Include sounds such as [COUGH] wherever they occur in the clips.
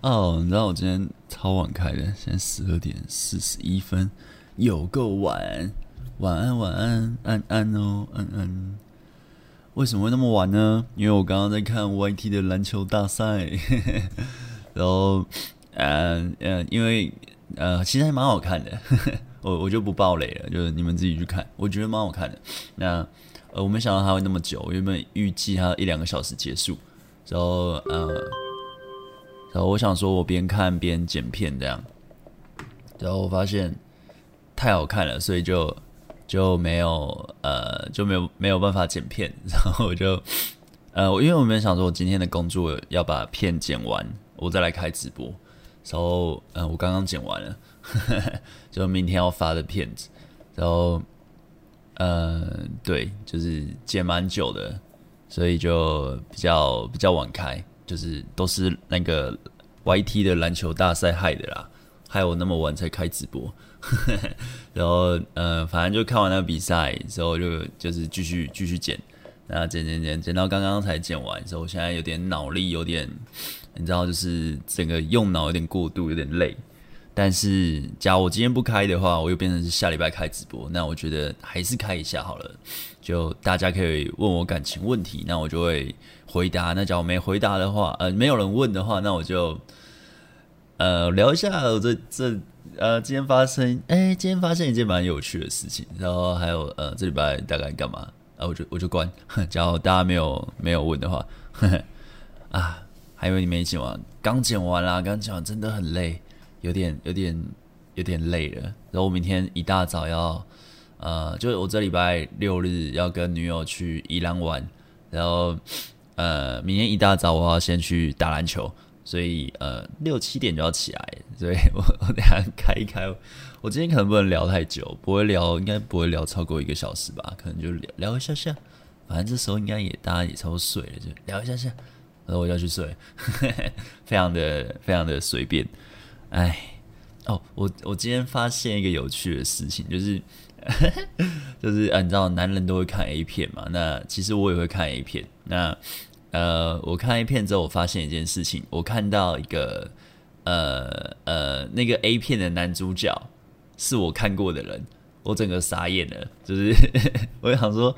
哦，你知道我今天超晚開的，現在十二點四十一分，有夠晚。晚安，晚安，安安哦，安安。為什麼會那麼晚呢？因為我剛剛在看 YT 的籃球大賽，然 [LAUGHS] 後、so, 呃，呃，嗯，因為，呃，其實還蠻好看的， [LAUGHS] 我我就不爆雷了，就是你們自己去看，我覺得蠻好看的。那，呃，我沒想到還會那麼久，原本預計還有一兩個小時結束，然後，呃。然後我想說，我邊看邊剪片，這樣，然後我發現太好看了，所以就就沒有呃就沒有沒有辦法剪片，然後我就呃，因為我原本想說我今天的工作要把片剪完，我再來開直播。然後嗯、呃，我剛剛剪完了呵呵，就明天要發的片子。然後嗯、呃，對，就是剪蠻久的，所以就比較比較晚開。就是都是那個 Y T 的籃球大賽害的啦，害我那麼晚才開直播， [LAUGHS] 然後呃，反正就看完那個比賽之後，就就是繼續繼續剪，那剪剪剪剪，到剛剛才剪完，之後我現在有點腦力有點，你知道就是整個用腦有點過度，有點累。但是假如，我今天不開的話，我又變成是下禮拜開直播，那我覺得還是開一下好了，就大家可以問我感情問題，那我就會。回答那，假如沒回答的話，呃，沒有人問的話，那我就，呃，聊一下我這這呃今天發生，哎，今天發現一件蠻有趣的事情，然後還有呃這禮拜大概幹嘛？啊、呃，我就我就關，假如大家沒有沒有問的話呵呵，啊，還以為你沒剪完，剛剪完啦，啊，剛剪完啊，剛剪完真的很累，有點有點有點累了，然後我明天一大早要，呃，就是我這禮拜六日要跟女友去宜蘭玩，然後。呃，明天一大早我要先去打籃球，所以呃六七點就要起來，所以我我等下開一開我。我今天可能不能聊太久，不會聊，應該不會聊超過一個小時吧，可能就聊聊一下下。反正這時候應該也大家也差不多睡了，就聊一下下，然後我就要去睡呵呵，非常的非常的隨便。哎，哦，我我今天發現一個有趣的事情，就是就是、呃、你知道男人都會看 A 片嘛，那其實我也會看 A 片，那。呃，我看 A 片之後，我發現一件事情。我看到一個呃呃，那個 A 片的男主角是我看過的人，我整個傻眼了。就是， [LAUGHS] 我想說，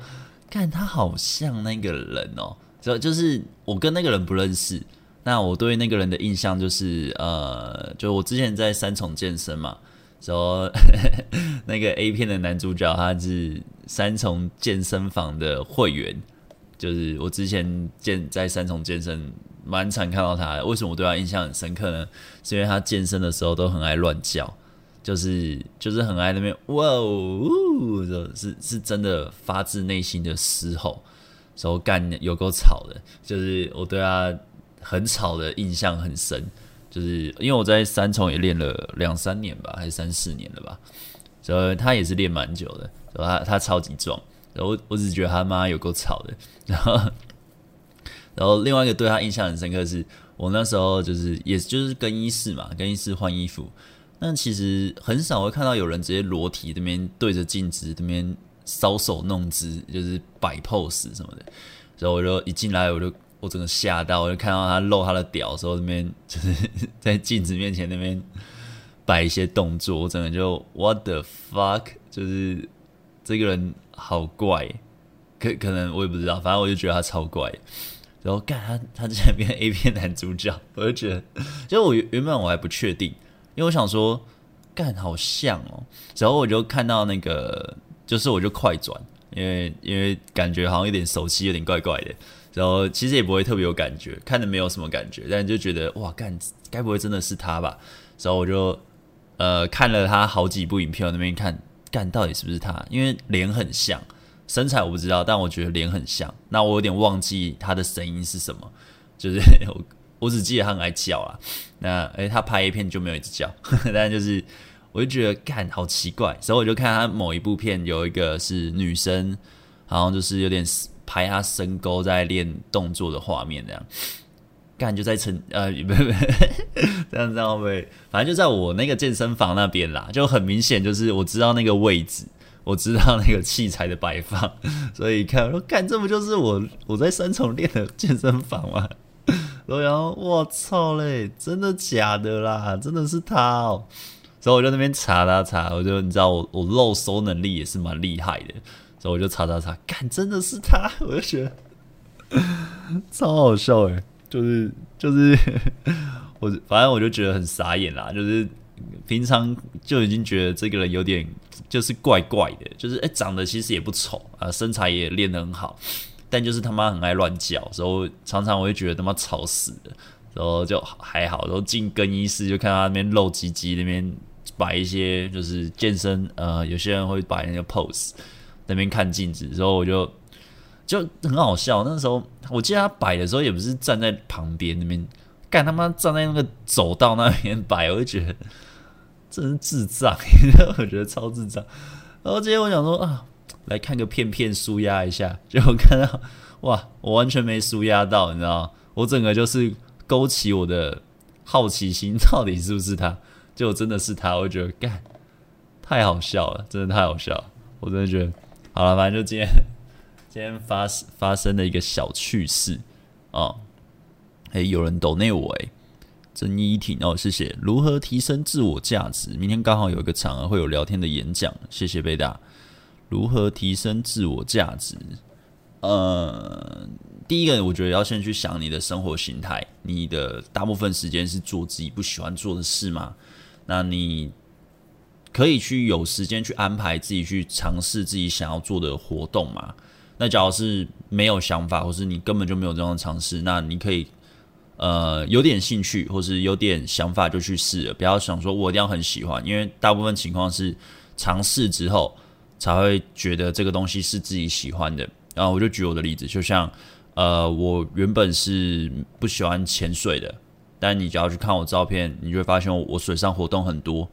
看他好像那個人哦，就就是我跟那個人不認識。那我對那個人的印象就是，呃，就我之前在三重健身嘛，說那個 A 片的男主角他是三重健身房的會員。就是我之前健在三重健身蠻常看到他，為什麼我對他印象很深刻呢？是因為他健身的時候都很愛亂叫，就是就是很愛那邊哇哦，就是是真的發自內心的嘶吼，所以幹有夠吵的，就是我對他很吵的印象很深。就是因為我在三重也練了兩三年吧，還是三四年了吧，所以他也是練蠻久的，所以他他超級壯。然後我我只覺得他媽有夠吵的，然後，然後另外一個對他印象很深刻是我那時候就是也就是更衣室嘛，更衣室換衣服，那其實很少會看到有人直接裸體那邊對着鏡子那邊搔首弄姿，就是擺 pose 什麼的，所以我就一進來我就我整個嚇到，我就看到他露他的屌的時候那邊就是在鏡子面前那邊擺一些動作，我整個就 what the fuck，就是這個人。好怪，可可能我也不知道，反正我就覺得他超怪。然後幹他，他之前變 A 片男主角，我就覺得，就我原本我還不確定，因為我想說幹好像哦，然後我就看到那個，就是我就快轉，因為因為感覺好像有點熟悉，有點怪怪的。然後其實也不會特別有感覺，看的沒有什麼感覺，但就覺得哇幹，該不會真的是他吧？然後我就呃看了他好幾部影片我那邊看。幹，到底是不是他？因為臉很像，身材我不知道，但我覺得臉很像。那我有點忘記他的聲音是什麼，就是我，我只記得他很愛叫啊。那誒、欸，他拍一片就沒有一直叫，呵呵，但然就是我就覺得幹好奇怪。所以我就看他某一部片，有一個是女生，然後就是有點拍他深溝在練動作的畫面這樣。幹，就在城呃，不不，這樣知道沒？反正就在我那個健身房那邊啦，就很明顯，就是我知道那個位置，我知道那個器材的擺放，所以看我說，幹，這不就是我我在三重練的健身房嗎、啊？然後我操嘞，真的假的啦？真的是他哦、喔！所以我就那邊查查查，我就你知道我我肉搜能力也是蠻厲害的，所以我就查查查，幹真的是他，我就覺得超好笑誒、欸。就是就是， [LAUGHS] 我反正我就覺得很傻眼啦。就是平常就已經覺得這個人有點就是怪怪的，就是誒、欸，長得其實也不醜啊，身材也練得很好，但就是他媽很愛亂叫，所以常常我會覺得他媽吵死了，然後就還好，然後進更衣室就看他那邊露雞雞那邊擺一些就是健身，呃，有些人會擺那個 pose，那邊看鏡子，所以我就。就很好笑，那時候我記得他擺的時候也不是站在旁邊那邊，幹他媽站在那個走道那邊擺，我就覺得真是智障， [LAUGHS] 我覺得超智障。然後今天我想說啊，來看個片片，舒壓一下。結果看到哇，我完全沒舒壓到，你知道我整個就是勾起我的好奇心，到底是不是他？結果真的是他，我覺得幹太好笑了，真的太好笑了，我真的覺得好了，反正就今天。今天發發生的一個小趣事哦，哎，有人抖內我哎，曾依婷哦，謝謝。如何提升自我價值？明天剛好有一個場合會有聊天的演講，謝謝貝大。如何提升自我價值？呃，第一個我覺得要先去想你的生活形態，你的大部分時間是做自己不喜歡做的事嗎？那你可以去有時間去安排自己去嘗試自己想要做的活動嘛？那假如是沒有想法，或是你根本就沒有這種嘗試，那你可以呃有點興趣，或是有點想法就去試，不要想說我一定要很喜歡，因為大部分情況是嘗試之後才會覺得這個東西是自己喜歡的。然後我就舉我的例子，就像呃我原本是不喜歡潛水的，但你只要去看我照片，你就會發現我水上活動很多。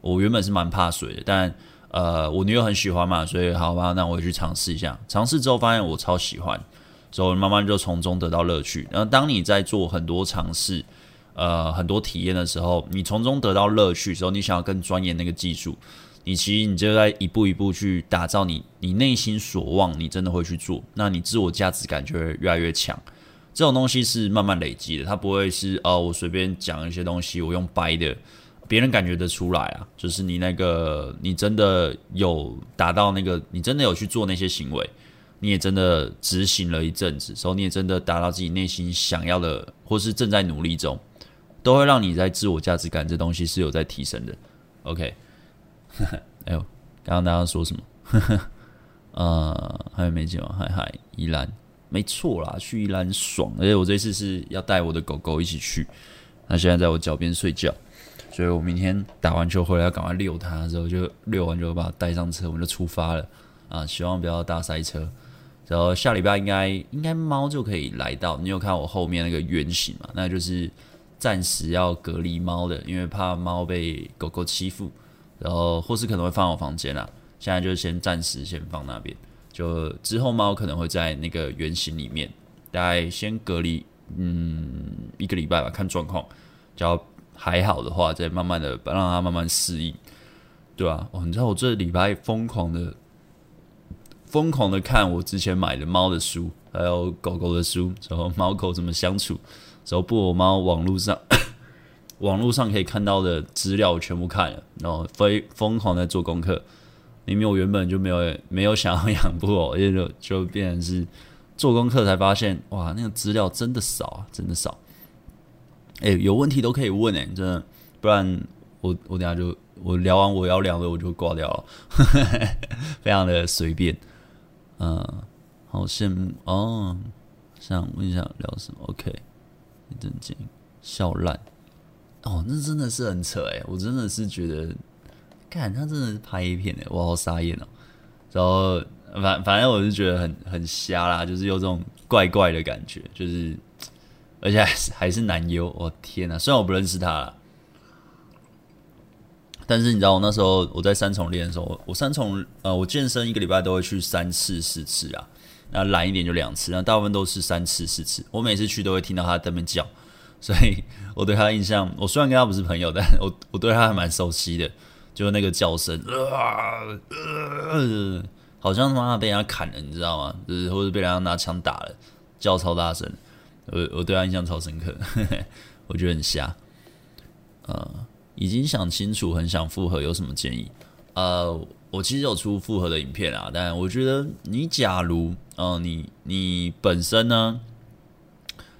我原本是蠻怕水的，但呃，我女友很喜歡嘛，所以好吧，那我也去嘗試一下。嘗試之後發現我超喜歡，所以慢慢就從中得到樂趣。然後當你在做很多嘗試，呃，很多體驗的時候，你從中得到樂趣的時候，你想要更鑽研那個技術，你其實你就在一步一步去打造你，你內心所望，你真的會去做，那你自我價值感就會越來越強。這種東西是慢慢累積的，它不會是呃、哦、我隨便講一些東西，我用掰的。別人感覺得出來啊，就是你那個，你真的有達到那個，你真的有去做那些行為，你也真的執行了一陣子，所以你也真的達到自己內心想要的，或是正在努力中，都會讓你在自我價值感這東西是有在提升的。OK， [LAUGHS] 哎呦，剛剛大家說什麼？呵呵，呃，還有沒接嗎？嗨嗨，宜蘭沒錯啦，去宜蘭爽，而且我這次是要帶我的狗狗一起去，那現在在我腳邊睡覺。所以我明天打完球回來要趕快遛它，之後就遛完就把它帶上車，我們就出發了啊！希望不要大塞車。然後下禮拜應該應該貓就可以來到。你有看我後面那個圓形嘛？那就是暫時要隔離貓的，因為怕貓被狗狗欺負，然後或是可能會放我房間啦。現在就先暫時先放那邊，就之後貓可能會在那個圓形裡面，大概先隔離，嗯，一個禮拜吧，看狀況，就要。還好的話，再慢慢的讓它慢慢適應，對啊。你知道我這禮拜瘋狂的、瘋狂的看我之前買的貓的書，還有狗狗的書，然後貓狗怎麼相處，然後布偶貓網絡上 [LAUGHS] 網絡上可以看到的資料我全部看了，然後非瘋狂的在做功課。明明我原本就沒有沒有想要養布偶，也就就變成是做功課才發現，哇，那個資料真的少啊，真的少。誒、欸，有問題都可以問誒、欸，真的，不然我我等下就我聊完我要聊了我就掛掉了， [LAUGHS] 非常的隨便，嗯、呃，好羨慕哦，想問一下聊什麼？OK，正經笑爛，哦，那真的是很扯誒、欸，我真的是覺得，看他真的是拍一片哎、欸，我好傻眼哦、喔，然後反反正我是覺得很很瞎啦，就是有這種怪怪的感覺，就是。而且還是，還是男優，我、哦、天哪！雖然我不認識他啦，但是你知道，我那時候我在三重練的時候，我我三重呃，我健身一個禮拜都會去三次四次啊，那懶一點就兩次，那大部分都是三次四次。我每次去都會聽到他在那邊叫，所以我對他的印象，我雖然跟他不是朋友，但我我對他還蠻熟悉的，就是那個叫聲，呃呃，好像他媽被人家砍了，你知道嗎？就是或者被人家拿槍打了，叫超大聲。我我對他印象超深刻，我覺得很瞎。呃，已經想清楚，很想復合，有什麼建議？呃，我其實有出復合的影片啊，但我覺得你假如，嗯，你你本身呢，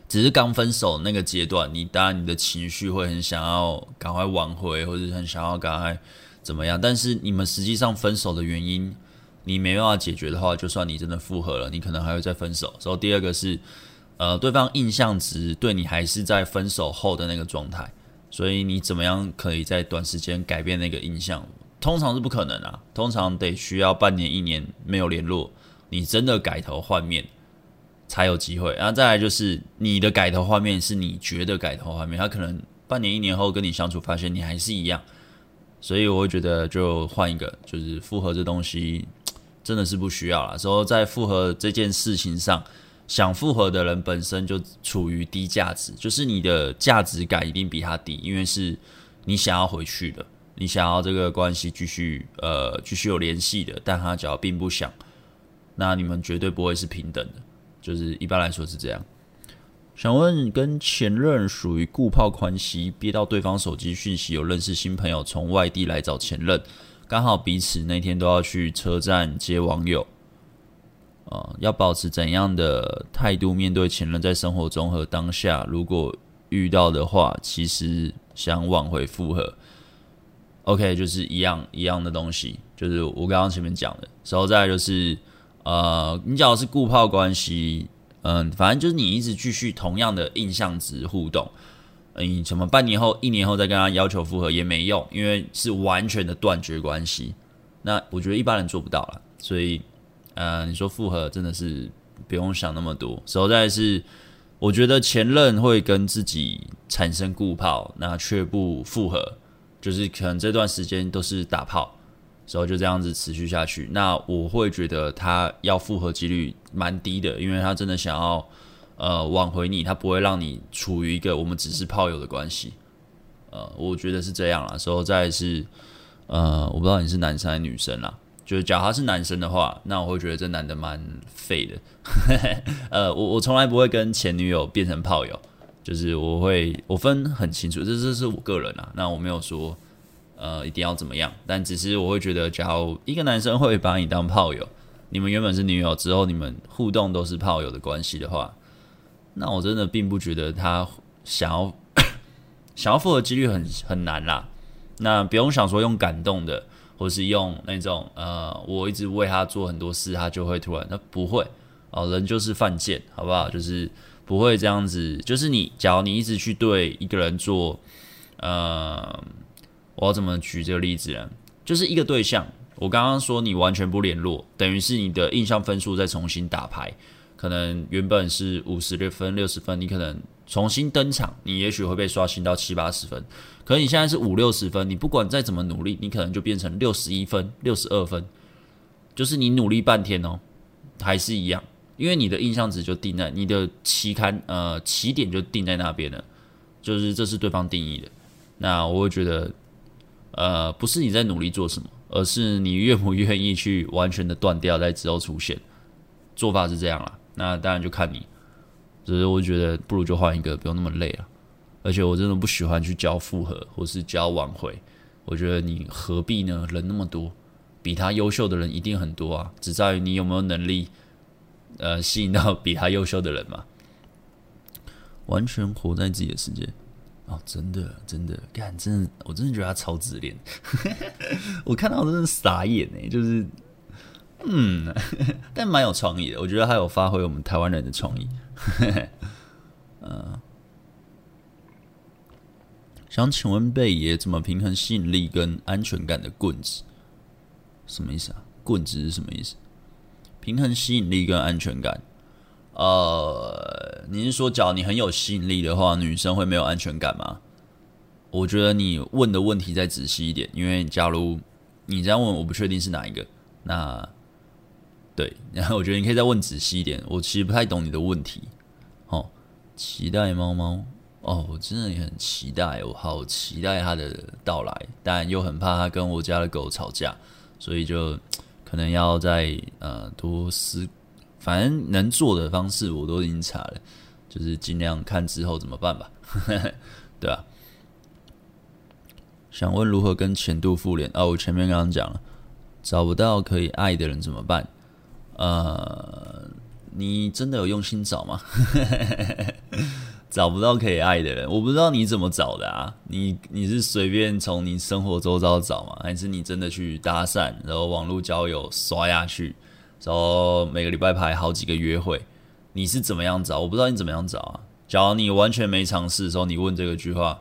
只是剛分手的那個階段，你當然你的情緒會很想要趕快挽回，或者很想要趕快怎麼樣。但是你們實際上分手的原因，你沒辦法解決的話，就算你真的復合了，你可能還會再分手。然後第二個是。呃，對方印象值對你還是在分手後的那個狀態，所以你怎麼樣可以在短時間改變那個印象？通常是不可能啊，通常得需要半年一年沒有聯絡，你真的改頭換面才有機會。然後再來就是你的改頭換面是你覺得改頭換面，他可能半年一年後跟你相處，發現你還是一樣，所以我會覺得就換一個，就是復合這東西真的是不需要了。所以在復合這件事情上。想復合的人本身就處於低價值，就是你的價值感一定比他低，因為是你想要回去的，你想要這個關係繼續，呃，繼續有聯繫的，但他只要並不想，那你們絕對不會是平等的，就是一般來說是這樣。想問，跟前任屬於固炮關係，憋到對方手機訊息，有認識新朋友，從外地來找前任，剛好彼此那天都要去車站接網友。呃，要保持怎樣的態度面對前任，在生活中和當下，如果遇到的話，其實想挽回復合，OK，就是一樣一樣的東西，就是我剛剛前面講的。然後再來就是，呃，你講的是顧炮關係，嗯、呃，反正就是你一直繼續同樣的印象值互動，嗯、呃，什麼半年後、一年後再跟他要求復合也沒用，因為是完全的斷絕關係。那我覺得一般人做不到了，所以。呃，你說復合真的是不用想那麼多。然後再來是，我覺得前任會跟自己產生固炮，那卻不復合，就是可能這段時間都是打炮，然後就這樣子持續下去。那我會覺得他要復合幾率蠻低的，因為他真的想要呃挽回你，他不會讓你處於一個我們只是炮友的關係。呃，我覺得是這樣啦。然後再來是，呃，我不知道你是男生還是女生啦。就是假如他是男生的話，那我會覺得這男的蠻廢的。 [LAUGHS] 呃，我我從來不會跟前女友變成炮友，就是我會我分很清楚，這這是我個人啊。那我沒有說呃一定要怎麼樣，但只是我會覺得，假如一個男生會把你當炮友，你們原本是女友，之後你們互動都是炮友的關係的話，那我真的並不覺得他想要 [LAUGHS] 想要復合幾率很很難啦。那不用想說用感動的。或是用那種呃，我一直為他做很多事，他就會突然，他不會哦，人就是犯賤，好不好？就是不會這樣子，就是你，假如你一直去對一個人做，呃，我要怎麼舉這個例子呢？就是一個對象，我剛剛說你完全不聯絡，等於是你的印象分數再重新打牌。可能原本是五十六分、六十分，你可能重新登場，你也許會被刷新到七八十分。可你現在是五六十分，你不管再怎麼努力，你可能就變成六十一分、六十二分。就是你努力半天哦，還是一樣，因為你的印象值就定在你的期刊呃起點就定在那邊了，就是這是對方定義的。那我會覺得，呃，不是你在努力做什麼，而是你願不願意去完全的斷掉，在之後出現。做法是這樣啊。那當然就看你，只、就是我覺得不如就換一個，不用那麼累了，啊。而且我真的不喜歡去教複合，或是教挽回。我覺得你何必呢？人那麼多，比他優秀的人一定很多啊，只在於你有沒有能力，呃，吸引到比他優秀的人嘛。嗯、完全活在自己的世界，哦，真的，真的，幹，真的，我真的覺得他超自戀， [LAUGHS] 我看到我真的傻眼哎、欸，就是。嗯，但蠻有創意的，我覺得還有發揮我們台灣人的創意。嗯、 [LAUGHS] 呃，想請問貝爺怎麼平衡吸引力跟安全感的棍子？什麼意思啊？棍子是什麼意思？平衡吸引力跟安全感？呃，你是說，假如你很有吸引力的話，女生會沒有安全感嗎？我覺得你問的問題再仔細一點，因為假如你這樣問，我不確定是哪一個。那對，然後我覺得你可以再問仔細一點，我其實不太懂你的問題。哦，期待貓貓哦，我真的也很期待，我好期待它的到來，但又很怕它跟我家的狗吵架，所以就可能要再呃多思，反正能做的方式我都已經查了，就是盡量看之後怎麼辦吧，呵呵對吧，啊？想問如何跟前度復聯？哦，我前面剛剛講了，找不到可以愛的人怎麼辦？呃，你真的有用心找嗎？ [LAUGHS] 找不到可以愛的人，我不知道你怎麼找的啊。你你是隨便從你生活周遭找嗎？還是你真的去搭訕，然後網絡交友刷下去，然後每個禮拜排好幾個約會？你是怎麼樣找？我不知道你怎麼樣找啊。假如你完全沒嘗試的時候，你問這個句話，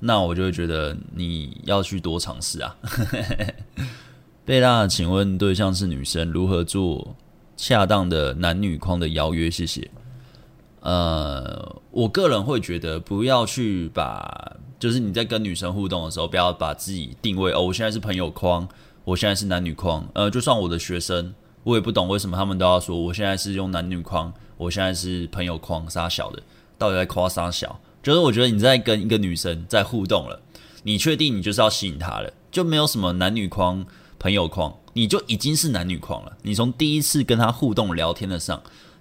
那我就會覺得你要去多嘗試啊。 [LAUGHS] 貝拉，請問對象是女生如何做？恰當的男女框的邀約，謝謝。呃，我個人會覺得不要去把，就是你在跟女生互動的時候，不要把自己定位哦。我現在是朋友框，我現在是男女框。呃，就算我的學生，我也不懂為什麼他們都要說我現在是用男女框，我現在是朋友框，殺小的，到底在誇殺小？就是我覺得你在跟一個女生在互動了，你確定你就是要吸引她了？就沒有什麼男女框、朋友框。你就已經是男女狂了。你從第一次跟他互動聊天的上，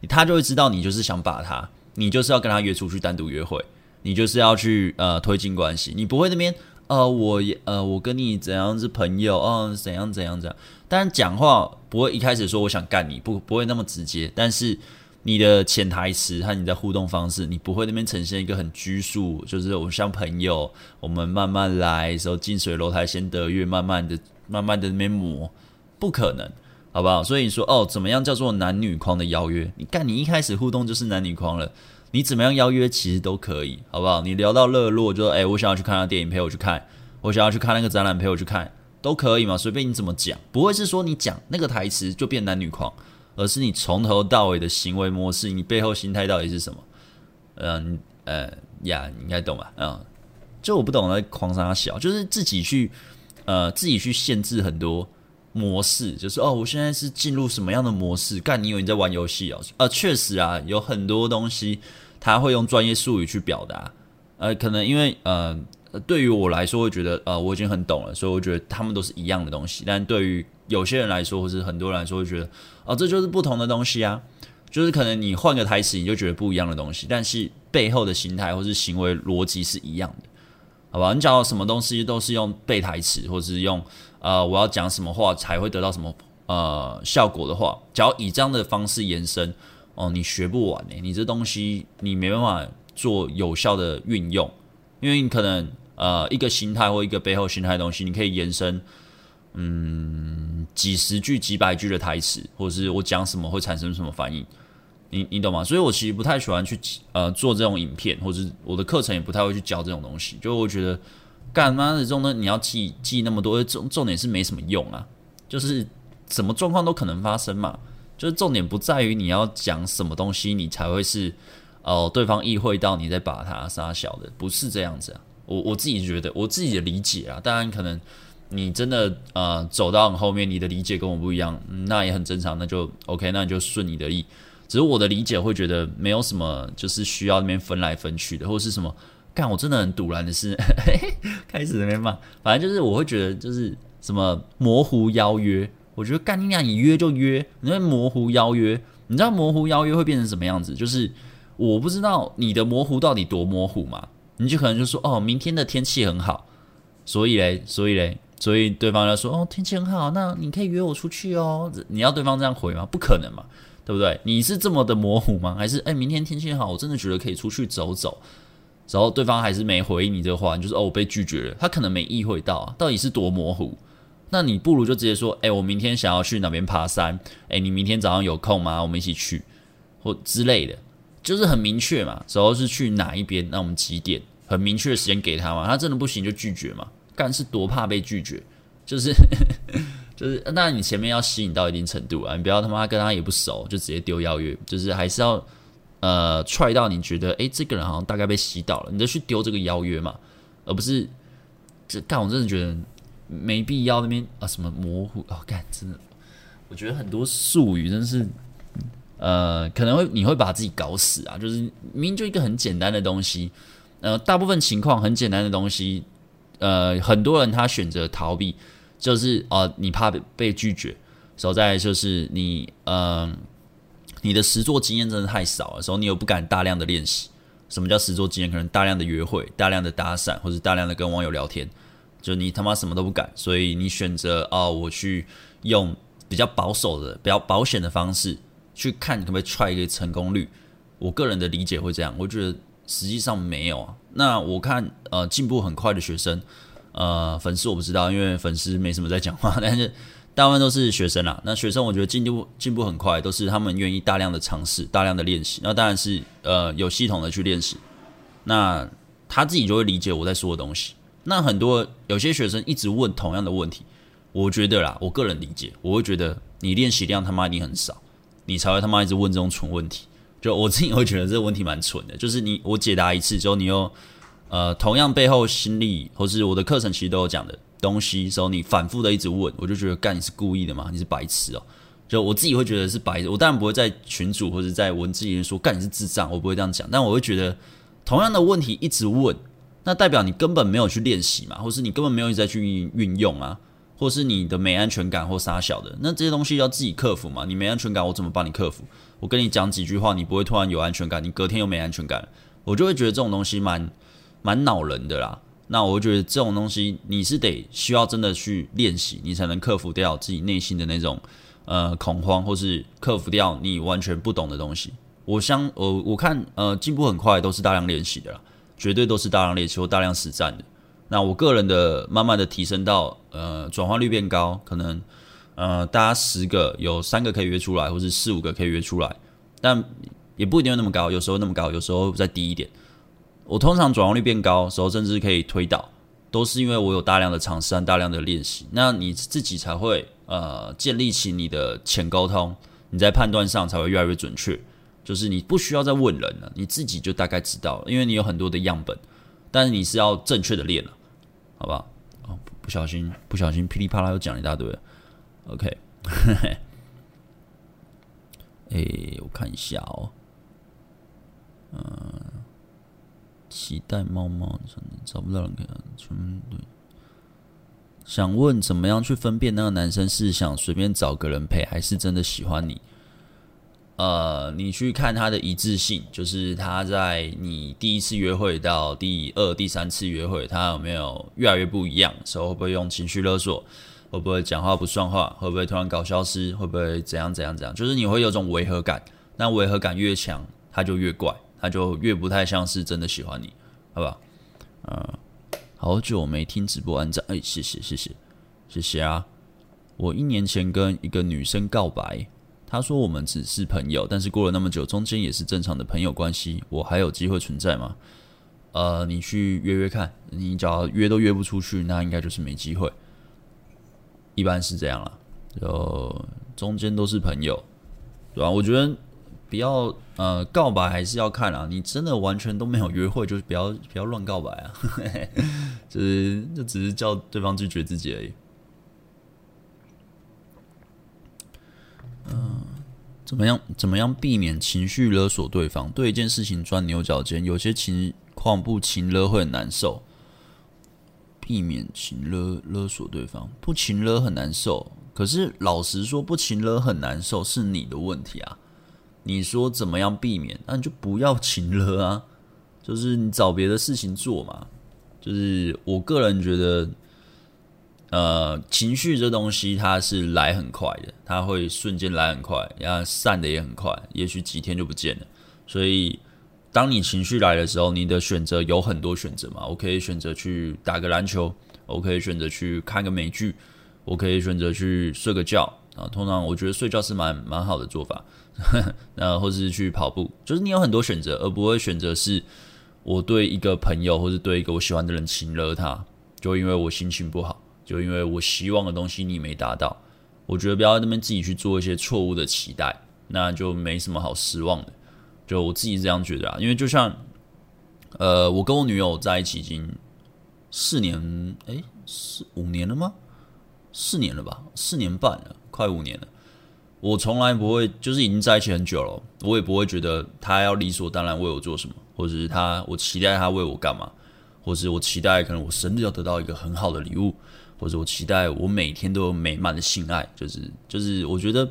他就會知道你就是想把他，你就是要跟他約出去單獨約會，你就是要去呃推進關係。你不會那邊呃我呃我跟你怎樣是朋友，嗯、呃、怎樣怎樣怎樣。當然講話不會一開始說我想幹你，不不會那麼直接，但是你的潛台詞和你的互動方式，你不會那邊呈現一個很拘束，就是我像朋友，我們慢慢來，時候，近水樓台先得月，慢慢的慢慢的那邊磨。不可能，好不好？所以你說哦，怎麼樣叫做男女框的邀約？你看你一開始互動就是男女框了，你怎麼樣邀約其實都可以，好不好？你聊到熱絡，就說，哎、欸，我想要去看那個電影，陪我去看。我想要去看那個展覽，陪我去看，都可以嘛。隨便你怎麼講，不會是說你講那個台詞就變男女框，而是你從頭到尾的行為模式，你背後心態到底是什麼？嗯、呃，呃呀，你應該懂吧？嗯、呃，就我不懂那狂撒小，就是自己去呃自己去限制很多。模式就是哦，我現在是進入什麼樣的模式？幹，你以為你在玩遊戲喔？呃，確實啊，有很多東西他會用專業術語去表達。呃，可能因為呃，呃，對於我來說會覺得呃，我已經很懂了，所以我覺得他們都是一樣的東西。但對於有些人來說，或是很多人來說，會覺得哦、呃，這就是不同的東西啊。就是可能你換個台詞，你就覺得不一樣的東西，但是背後的形態或是行為邏輯是一樣的。好吧，你講到什麼東西都是用背台詞，或者是用呃我要講什麼話才會得到什麼呃效果的話，只要以這樣的方式延伸，哦、呃，你學不完，欸，你這東西你沒辦法做有效的運用，因為你可能呃一個心態或一個背後心態的東西，你可以延伸嗯幾十句幾百句的台詞，或者是我講什麼會產生什麼反應。你你懂嗎？所以我其實不太喜歡去呃做這種影片，或者我的課程也不太會去教這種東西，就我覺得幹嘛這種呢？你要記記那麼多重重點是沒什麼用啊，就是什麼狀況都可能發生嘛，就是重點不在於你要講什麼東西，你才會是哦、呃、對方意會到你在把它殺小的，不是這樣子啊。我我自己覺得我自己的理解啊，當然可能你真的呃走到後面，你的理解跟我不一樣、嗯，那也很正常，那就 OK，那你就順你的意。只是我的理解會覺得沒有什麼，就是需要那邊分來分去的，或者是什麼？幹我真的很堵然的是，開始那邊罵，反正就是我會覺得就是什麼模糊邀約，我覺得幹你倆你約就約，你那模糊邀約，你知道模糊邀約會變成什麼樣子？就是我不知道你的模糊到底多模糊嘛，你就可能就說哦，明天的天氣很好，所以嘞，所以嘞，所以對方就說哦，天氣很好，那你可以約我出去哦？你要對方這樣回嗎？不可能嘛。對不對？你是這麼的模糊嗎？還是誒，明天天氣好，我真的覺得可以出去走走。然後對方還是沒回應你的話，你就是哦，我被拒絕了。他可能沒意會到啊，到底是多模糊。那你不如就直接說，誒，我明天想要去哪邊爬山。誒，你明天早上有空嗎？我們一起去，或之類的，就是很明確嘛。然後是去哪一邊，那我們幾點？很明確的時間給他嘛。他真的不行就拒絕嘛。幹是多怕被拒絕，就是。 [LAUGHS] 就是、呃，那你前面要吸引到一定程度啊，你不要他媽跟他也不熟，就直接丟邀約，就是還是要呃 try 到你覺得，誒、欸，這個人好像大概被吸到了，你就去丟這個邀約嘛，而不是這但我真的覺得沒必要那邊啊、呃、什麼模糊，哦幹真的，我覺得很多術語真是，呃，可能會你會把自己搞死啊，就是明明就一個很簡單的東西，呃，大部分情況很簡單的東西，呃，很多人他選擇逃避。就是啊，uh, 你怕被拒絕，所在，就是你，嗯、uh, 你的實作經驗真的太少了，所以你又不敢大量的練習。什麼叫實作經驗？可能大量的約會，大量的搭訕，或者大量的跟網友聊天，就你他媽什麼都不敢。所以你選擇啊，uh, 我去用比較保守的、比較保險的方式去看，可不可以踹一個成功率？我個人的理解會這樣，我覺得實際上沒有啊。那我看呃、uh, 進步很快的學生。呃，粉絲我不知道，因為粉絲沒什麼在講話，但是大部分都是學生啦。那學生我覺得進步進步很快，都是他們願意大量的嘗試、大量的練習。那當然是呃有系統的去練習，那他自己就會理解我在說的東西。那很多有些學生一直問同樣的問題，我覺得啦，我個人理解，我會覺得你練習量他媽一定很少，你才會他媽一直問這種蠢問題。就我自己會覺得這個問題蠻蠢的，就是你我解答一次之後，你又。呃，同樣背後心理，或是我的課程其實都有講的東西，所以你反覆的一直問，我就覺得，幹，你是故意的嗎？你是白痴哦、喔？就我自己會覺得是白，我當然不會在群組或者在文字裡面說，幹，你是智障，我不會這樣講，但我會覺得，同樣的問題一直問，那代表你根本沒有去練習嘛，或是你根本沒有一直在去運運用啊，或是你的沒安全感或啥小的，那這些東西要自己克服嘛？你沒安全感，我怎麼幫你克服？我跟你講幾句話，你不會突然有安全感，你隔天又沒安全感了，我就會覺得這種東西蠻。蠻惱人的啦，那我覺得這種東西你是得需要真的去練習，你才能克服掉自己內心的那種呃恐慌，或是克服掉你完全不懂的東西。我相我我看呃進步很快，都是大量練習的啦，絕對都是大量練習或大量實戰的。那我個人的慢慢的提升到呃轉化率變高，可能呃大家十個有三個可以約出來，或是四五個可以約出來，但也不一定那麼高，有時候那麼高，有時候再低一點。我通常轉化率變高時候，甚至可以推倒，都是因為我有大量的嘗試、大量的練習。那你自己才會呃建立起你的前溝通，你在判斷上才會越來越準確，就是你不需要再問人了，你自己就大概知道，因為你有很多的樣本，但是你是要正確的練了，好吧？哦，不小心不小心噼里啪啦又講一大堆了，OK，嘿嘿。誒，我看一下哦，嗯。期待貓貓，找不到人給他，對。想問怎麼樣去分辨那個男生是想隨便找個人陪，還是真的喜歡你？呃，你去看他的一致性，就是他在你第一次約會到第二、第三次約會，他有沒有越來越不一樣的時候，會不會用情緒勒索？會不會講話不算話？會不會突然搞消失？會不會怎樣怎樣怎樣？就是你會有種違和感，那違和感越強，他就越怪。他就越不太像是真的喜歡你，好不好？嗯、呃，好久沒聽直播按照，安仔，哎，謝謝，謝謝，謝謝啊！我一年前跟一個女生告白，她說我們只是朋友，但是過了那麼久，中間也是正常的朋友關係，我還有機會存在嗎？呃，你去約約看，你只要約都約不出去，那應該就是沒機會，一般是這樣了，啊，就中間都是朋友，對吧，啊？我覺得。不要呃，告白還是要看啊。你真的完全都沒有約會，就是不要不要亂告白啊。 [LAUGHS] 就是這只是叫對方拒絕自己而已。嗯、呃，怎麼樣？怎麼樣避免情緒勒索對方？對一件事情鑽牛角尖，有些情況不情勒會很難受。避免情勒勒索對方，不情勒很難受。可是老實說，不情勒很難受是你的問題啊。你說怎麼樣避免？那你就不要情了啊！就是你找別的事情做嘛。就是我個人覺得，呃，情緒這東西它是來很快的，它會瞬間來很快，然後散得也很快，也許幾天就不見了。所以，當你情緒來的時候，你的選擇有很多選擇嘛。我可以選擇去打個籃球，我可以選擇去看個美劇，我可以選擇去睡個覺。啊，通常我覺得睡覺是蠻蠻好的做法，呵呵那或是去跑步，就是你有很多選擇，而不會選擇是我對一個朋友或是對一個我喜歡的人遷怒他，就因為我心情不好，就因為我希望的東西你沒達到，我覺得不要在那邊自己去做一些錯誤的期待，那就沒什麼好失望的。就我自己這樣覺得啊，因為就像，呃，我跟我女友在一起已經四年，哎，四五年了嗎？四年了吧，四年半了。快五年了，我從來不會，就是已經在一起很久了，我也不會覺得他要理所當然為我做什麼，或者是他，我期待他為我幹嘛，或者是我期待可能我生日要得到一個很好的禮物，或者我期待我每天都有美滿的性愛，就是就是我覺得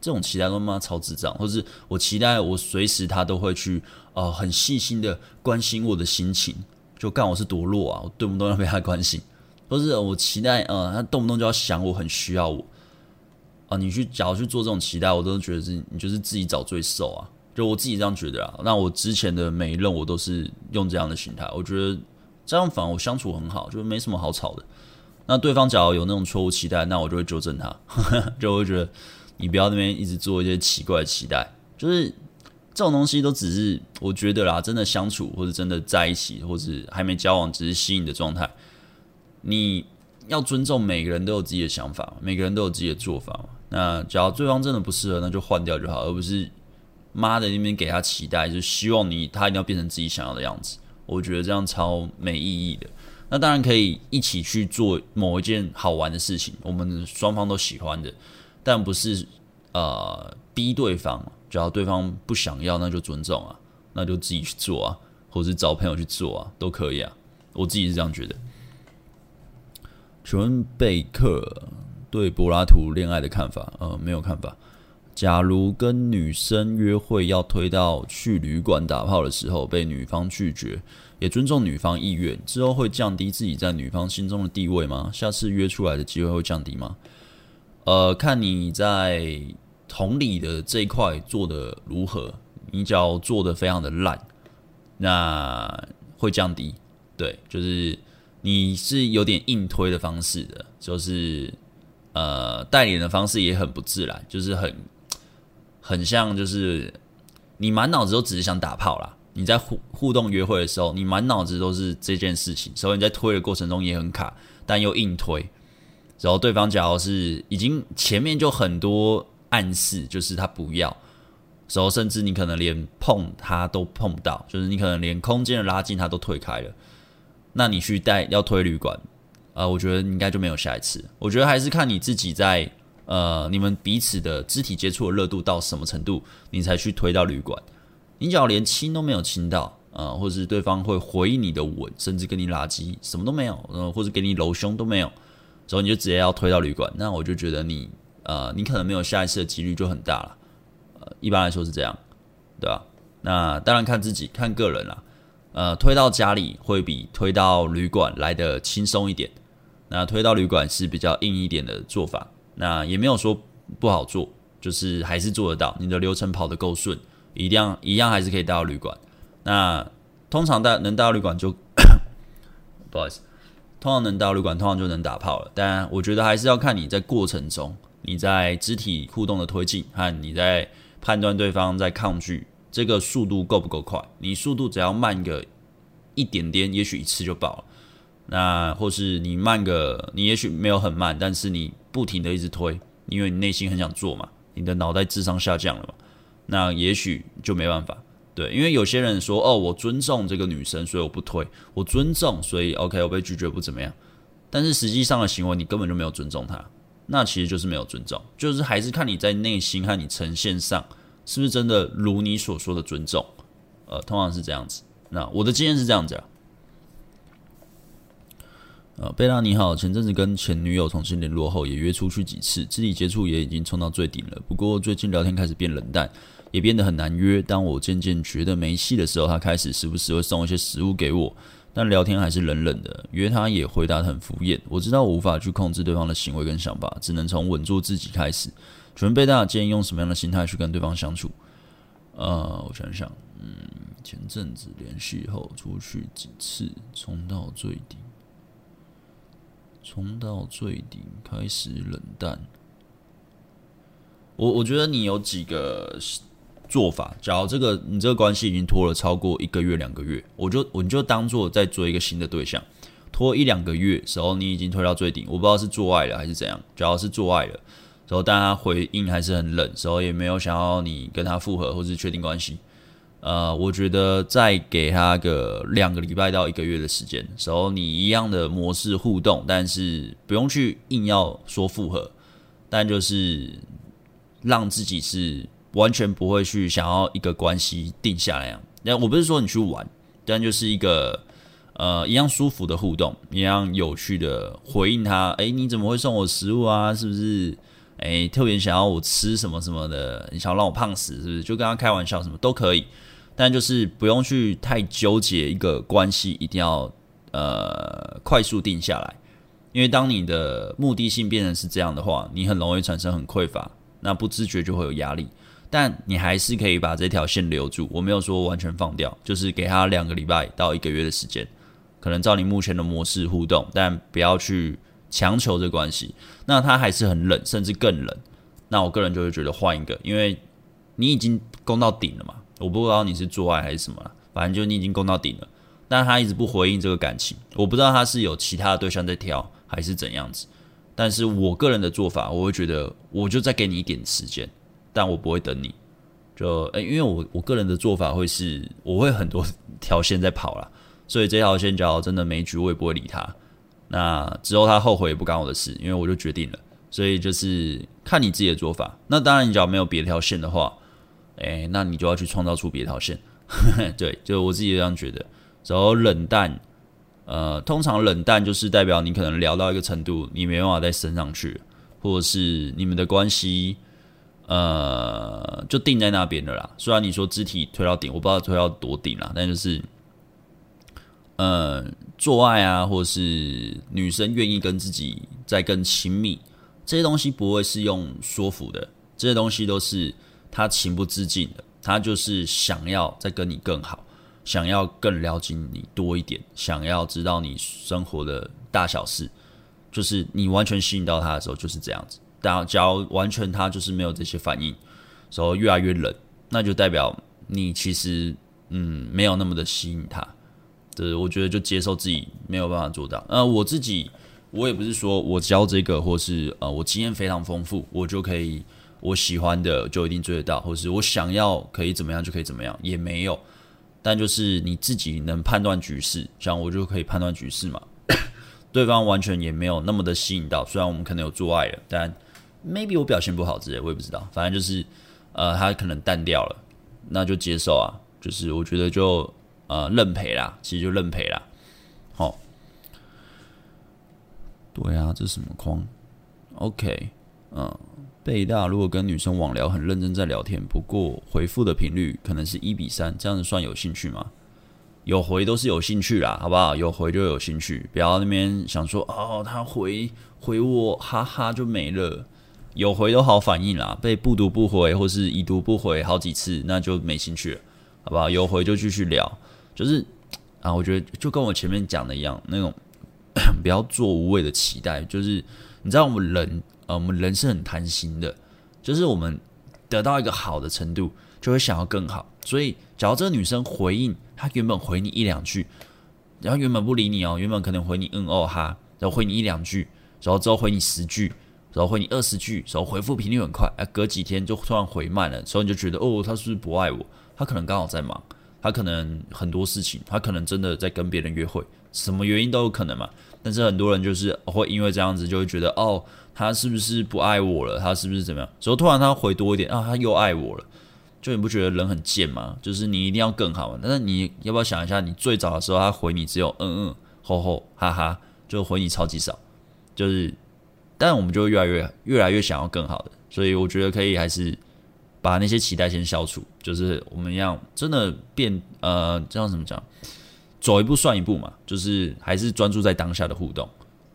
這種期待都他媽超智障，或者是我期待我隨時他都會去啊，呃、很細心的關心我的心情，就看我是多弱啊，我動不動要被他關心，或者是我期待呃他動不動就要想我、很需要我。啊，你去，假如去做這種期待，我都覺得是，你就是自己找罪受啊，就我自己這樣覺得啦。那我之前的每一任我都是用這樣的心態，我覺得這樣反而我相處很好，就是沒什麼好吵的。那對方假如有那種錯誤期待，那我就會糾正他， [LAUGHS] 就會覺得你不要那邊一直做一些奇怪的期待，就是這種東西都只是我覺得啦，真的相處或者真的在一起，或者還沒交往只是吸引你的狀態，你要尊重每個人都有自己的想法，每個人都有自己的做法。那只要對方真的不適合，那就換掉就好，而不是媽的那邊給他期待，就希望你他一定要變成自己想要的樣子。我覺得這樣超沒意義的。那當然可以一起去做某一件好玩的事情，我們雙方都喜歡的，但不是呃逼對方。只要對方不想要，那就尊重啊，那就自己去做啊，或者是找朋友去做啊，都可以啊。我自己是這樣覺得。請問貝克？對柏拉圖戀愛的看法，呃，沒有看法。假如跟女生約會要推到去旅館打炮的時候，被女方拒絕，也尊重女方意願，之後會降低自己在女方心中的地位嗎？下次約出來的機會會降低嗎？呃，看你在同理的這一塊做得如何。你只要做得非常的爛，那會降低。對，就是你是有點硬推的方式的，就是。呃，帶領的方式也很不自然，就是很很像，就是你滿腦子都只是想打炮啦。你在互互動約會的時候，你滿腦子都是這件事情，所以你在推的過程中也很卡，但又硬推。然後對方，假如是已經前面就很多暗示，就是他不要，然後甚至你可能連碰他都碰不到，就是你可能連空間的拉近他都退開了，那你去帶要推旅館。啊、呃，我覺得應該就沒有下一次。我覺得還是看你自己在，呃，你們彼此的肢體接觸的熱度到什麼程度，你才去推到旅館。你只要連親都沒有親到，呃，或者是對方會回應你的吻，甚至跟你拉基，什麼都沒有，呃，或者給你揉胸都沒有，所以你就直接要推到旅館。那我就覺得你，呃，你可能沒有下一次的幾率就很大了。呃，一般來說是這樣，對吧？那當然看自己，看個人啦、啊。呃，推到家裡會比推到旅館來得輕鬆一點。那推到旅館是比較硬一點的做法，那也沒有說不好做，就是還是做得到。你的流程跑得夠順，一定要一樣還是可以到旅館。那通常到能到旅館就， [COUGHS] 不好意思，通常能到旅館，通常就能打炮了。但我覺得還是要看你在過程中，你在肢體互動的推進和你在判斷對方在抗拒這個速度夠不夠快。你速度只要慢個一點點，也許一次就爆了。那或是你慢個，你也許沒有很慢，但是你不停的一直推，因為你內心很想做嘛，你的腦袋智商下降了嘛，那也許就沒辦法。對，因為有些人說哦，我尊重這個女生，所以我不推，我尊重，所以 OK，我被拒絕不怎麼樣。但是實際上的行為，你根本就沒有尊重她，那其實就是沒有尊重，就是還是看你在內心和你呈現上，是不是真的如你所說的尊重，呃，通常是這樣子。那我的經驗是這樣子啊。呃，貝大你好，前陣子跟前女友重新聯絡後，也約出去幾次，肢體接觸也已經衝到最頂了。不過最近聊天開始變冷淡，也變得很難約。當我漸漸覺得沒戲的時候，他開始時不時會送一些食物給我，但聊天還是冷冷的，約他也回答得很敷衍。我知道我無法去控制對方的行為跟想法，只能從穩住自己開始。請問貝大建議用什麼樣的心態去跟對方相處？呃，我想想，嗯，前陣子聯繫後出去幾次，衝到最頂。衝到最頂，開始冷淡我。我我覺得你有幾個做法。假如這個你這個關係已經拖了超過一個月、兩個月，我就我就當做在做一個新的對象。拖一兩個月時候，你已經拖到最頂，我不知道是做愛了還是怎樣。假如是做愛了，然後但他回應還是很冷，時候也沒有想要你跟他復合或是確定關係。呃，我覺得再給他個兩個禮拜到一個月的時間，時候你一樣的模式互動，但是不用去硬要說復合，但就是讓自己是完全不會去想要一個關係定下來樣。那我不是說你去玩，但就是一個呃一樣舒服的互動，一樣有趣的回應他。誒、欸，你怎麼會送我食物啊？是不是？誒、欸，特別想要我吃什麼什麼的，你想要讓我胖死是不是？就跟他開玩笑什麼都可以。但就是不用去太糾結一個關係，一定要呃快速定下來，因為當你的目的性變成是這樣的話，你很容易產生很匱乏，那不自覺就會有壓力。但你還是可以把這條線留住，我沒有說完全放掉，就是給他兩個禮拜到一個月的時間，可能照你目前的模式互動，但不要去強求這關係。那他還是很冷，甚至更冷，那我個人就會覺得換一個，因為你已經攻到頂了嘛。我不知道你是做愛還是什麼了，反正就你已經攻到頂了，但他一直不回應這個感情，我不知道他是有其他的對象在挑還是怎樣子。但是我個人的做法，我會覺得我就再給你一點時間，但我不會等你。就誒，欸，因為我我個人的做法會是，我會很多條線在跑啦，所以這條線只要真的沒局，我也不會理他。那之後他後悔也不干我的事，因為我就決定了。所以就是看你自己的做法。那當然，你只要沒有別的條線的話。哎、欸，那你就要去創造出別條線。 [LAUGHS] 對，就我自己這樣覺得。然後冷淡，呃，通常冷淡就是代表你可能聊到一個程度，你沒辦法再升上去，或者是你們的關係，呃，就定在那邊的啦。雖然你說肢體推到頂，我不知道推到多頂啦，但就是，呃，做愛啊，或者是女生願意跟自己再更親密，這些東西不會是用說服的，這些東西都是。他情不自禁的，他就是想要再跟你更好，想要更了解你多一點，想要知道你生活的大小事，就是你完全吸引到他的時候就是這樣子。但假如完全他就是沒有這些反應，然後越來越冷，那就代表你其實嗯沒有那麼的吸引他。對，我覺得就接受自己沒有辦法做到。呃，我自己我也不是說我教這個或是呃我經驗非常豐富，我就可以。我喜歡的就一定追得到，或是我想要可以怎麼樣就可以怎麼樣，也沒有。但就是你自己能判斷局勢，像我就可以判斷局勢嘛。 [COUGHS] 對方完全也沒有那麼的吸引到，雖然我們可能有做愛了，但 maybe 我表現不好之類，我也不知道。反正就是，呃，他可能淡掉了，那就接受啊。就是我覺得就呃認賠啦，其實就認賠啦。好、哦，對啊，這什麼框？OK，嗯。北大如果跟女生網聊很認真在聊天，不過回復的頻率可能是一比三，這樣子算有興趣嗎？有回都是有興趣啦，好不好？有回就有興趣，不要那邊想說哦，她回回我哈哈就沒了，有回都好反應啦。被不讀不回，或是已讀不回好幾次，那就沒興趣了，好不好？有回就繼續聊，就是啊，我覺得就跟我前面講的一樣，那種 [COUGHS] 不要做無謂的期待，就是你知道我們人。呃，我們人是很貪心的，就是我們得到一個好的程度，就會想要更好。所以，假如這個女生回應，她原本回你一兩句，然後原本不理你哦，原本可能回你嗯哦哈，然後回你一兩句，然後之後回你十句，然後回你二十句，然後回，然後回復頻率很快，啊，隔幾天就突然回慢了，所以你就覺得哦，她是不是不愛我？她可能剛好在忙，她可能很多事情，她可能真的在跟別人約會，什麼原因都有可能嘛。但是很多人就是會因為這樣子，就會覺得哦。他是不是不愛我了？他是不是怎麼樣？所以突然他回多一點啊，他又愛我了，就你不覺得人很賤嗎？就是你一定要更好，但是你要不要想一下，你最早的時候他回你只有嗯嗯、吼吼、哈哈，就回你超級少，就是，但我們就越來越、越來越想要更好的，所以我覺得可以還是把那些期待先消除，就是我們要真的變呃，這樣怎麼講？走一步算一步嘛，就是還是專注在當下的互動。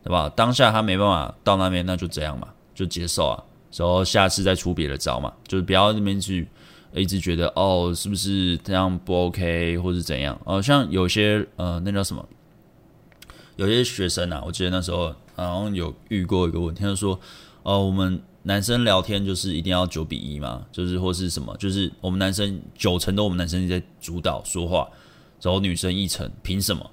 對吧？當下他沒辦法到那邊，那就這樣嘛，就接受啊，然後下次再出別的招嘛，就是不要那邊去一直覺得哦，是不是這樣不 OK，或是怎樣？哦，像有些呃，那叫什麼？有些學生啊，我記得那時候好像，啊，有遇過一個問題，他說，呃，我們男生聊天就是一定要九比一嘛，就是或是什麼，就是我們男生九成都我們男生在主導說話，然後女生一成，憑什麼？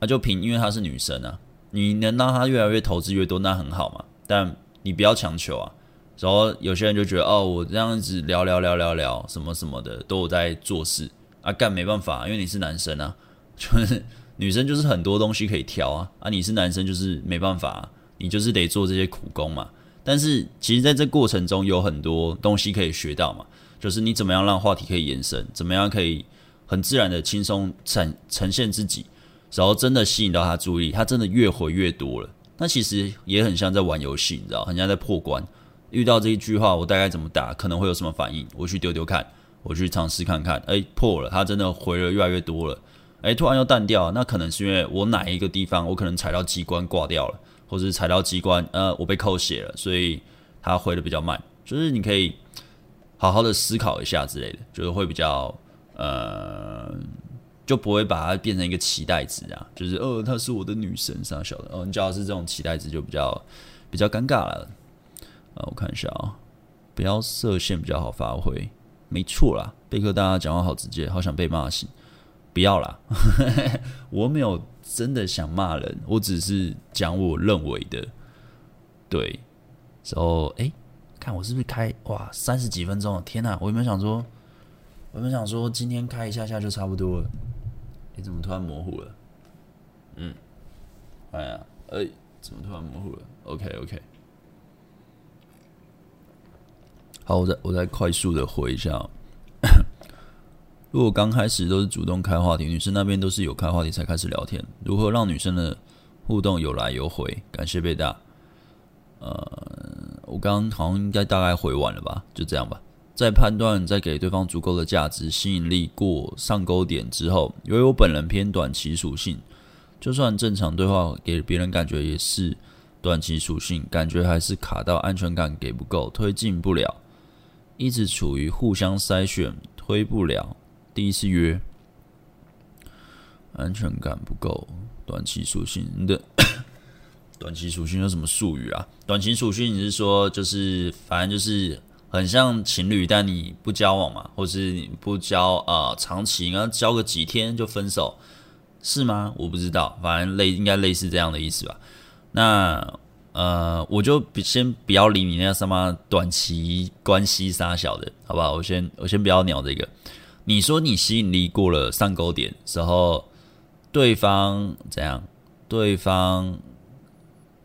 那，啊，就憑因為她是女生啊。你能讓他越來越投資越多，那很好嘛。但你不要強求啊。然後有些人就覺得，哦，我這樣子聊聊聊聊聊，什麼什麼的，都有在做事啊。幹沒辦法，因為你是男生啊，就是女生就是很多東西可以挑啊啊。你是男生就是沒辦法啊，你就是得做這些苦工嘛。但是其實在這過程中有很多東西可以學到嘛，就是你怎麼樣讓話題可以延伸，怎麼樣可以很自然的輕鬆呈現自己。然後真的吸引到他注意，他真的越回越多了。那其實也很像在玩遊戲，你知道，很像在破關。遇到這一句話，我大概怎麼打？可能會有什麼反應？我去丟丟看，我去嘗試看看。哎、欸，破了，他真的回了越來越多了。哎、欸，突然又淡掉了，那可能是因為我哪一個地方，我可能踩到機關掛掉了，或者是踩到機關，呃，我被扣血了，所以他回的比較慢。就是你可以好好的思考一下之類的，就是會比較嗯。呃就不會把它變成一個期待值啊，就是呃、哦，她是我的女神三小的，哦，你只要是這種期待值就比較比較尷尬了。啊，我看一下啊、哦，不要設限比較好發揮，沒錯啦。貝克，大家講話好直接，好想被罵醒，不要啦， [LAUGHS] 我沒有真的想罵人，我只是講我認為的。對，然後哎，看我是不是開哇三十幾分鐘，天吶，我有沒有想說，我有沒有想說今天開一下下就差不多了？你怎麼突然模糊了？嗯，哎呀，哎，怎麼突然模糊了？OK，OK OK, OK。好，我再我再快速的回一下哦。 [LAUGHS] 如果剛開始都是主動開話題，女生那邊都是有開話題才開始聊天，如何讓女生的互動有來有回？感謝貝大。呃，我剛剛好像應該大概回完了吧，就這樣吧。在判斷，在給對方足夠的價值吸引力過上鈎點之後，由於我本人偏短期屬性，就算正常對話，給別人感覺也是短期屬性，感覺還是卡到安全感給不夠，推進不了，一直處於互相篩選，推不了。第一次約，安全感不夠，短期屬性你的， [COUGHS] 短期屬性有什麼術語啊？短期屬性你是說就是反正就是。很像情侶，但你不交往嘛，或是你不交啊，呃，長期啊，交個幾天就分手，是嗎？我不知道，反正類應該類似這樣的意思吧。那呃，我就先不要理你那什麼短期關係殺小的，好不好？我先我先不要鳥這個。你說你吸引力過了上鈎點之後，對方怎樣？對方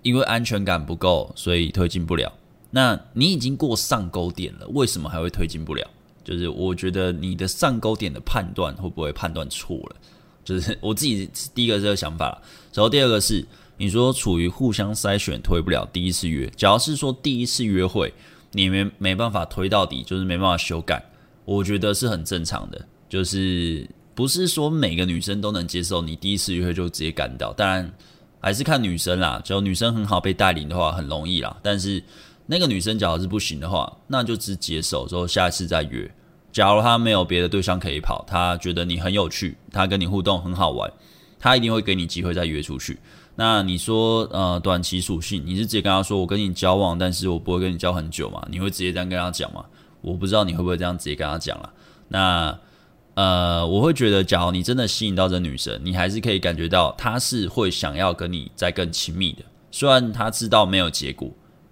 因為安全感不夠，所以推進不了。那你已經過上鈎點了，為什麼還會推進不了？就是我覺得你的上鈎點的判斷會不會判斷錯了？就是我自己第一個這個想法啦。然後第二個是，你說處於互相篩選推不了第一次約，只要是說第一次約會你沒沒辦法推到底，就是沒辦法修改，我覺得是很正常的。就是不是說每個女生都能接受你第一次約會就直接幹掉，當然還是看女生啦。只要女生很好被帶領的話，很容易啦。但是。那個女生，假如是不行的話，那就直接結束，之後，下一次再約。假如她沒有別的對象可以跑，她覺得你很有趣，她跟你互動很好玩，她一定會給你機會再約出去。那你說，呃，短期屬性，你是直接跟她說，我跟你交往，但是我不會跟你交很久嘛？你會直接這樣跟她講嗎？我不知道你會不會這樣直接跟她講了。那呃，我會覺得，假如你真的吸引到這女生，你還是可以感覺到她是會想要跟你再更親密的，雖然她知道沒有結果。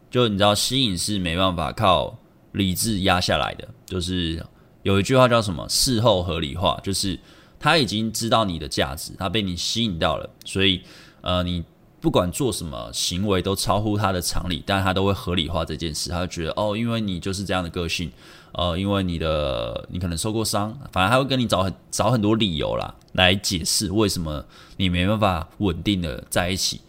就你知道，吸引是沒辦法靠理智壓下來的。就是有一句話叫什麼“事後合理化”，就是他已經知道你的價值，他被你吸引到了，所以呃，你不管做什麼行為都超乎他的常理，但他都會合理化這件事，他就覺得哦，因為你就是這樣的個性，呃，因為你的你可能受過傷，反而他會跟你找很找很多理由啦來解釋為什麼你沒辦法穩定的在一起，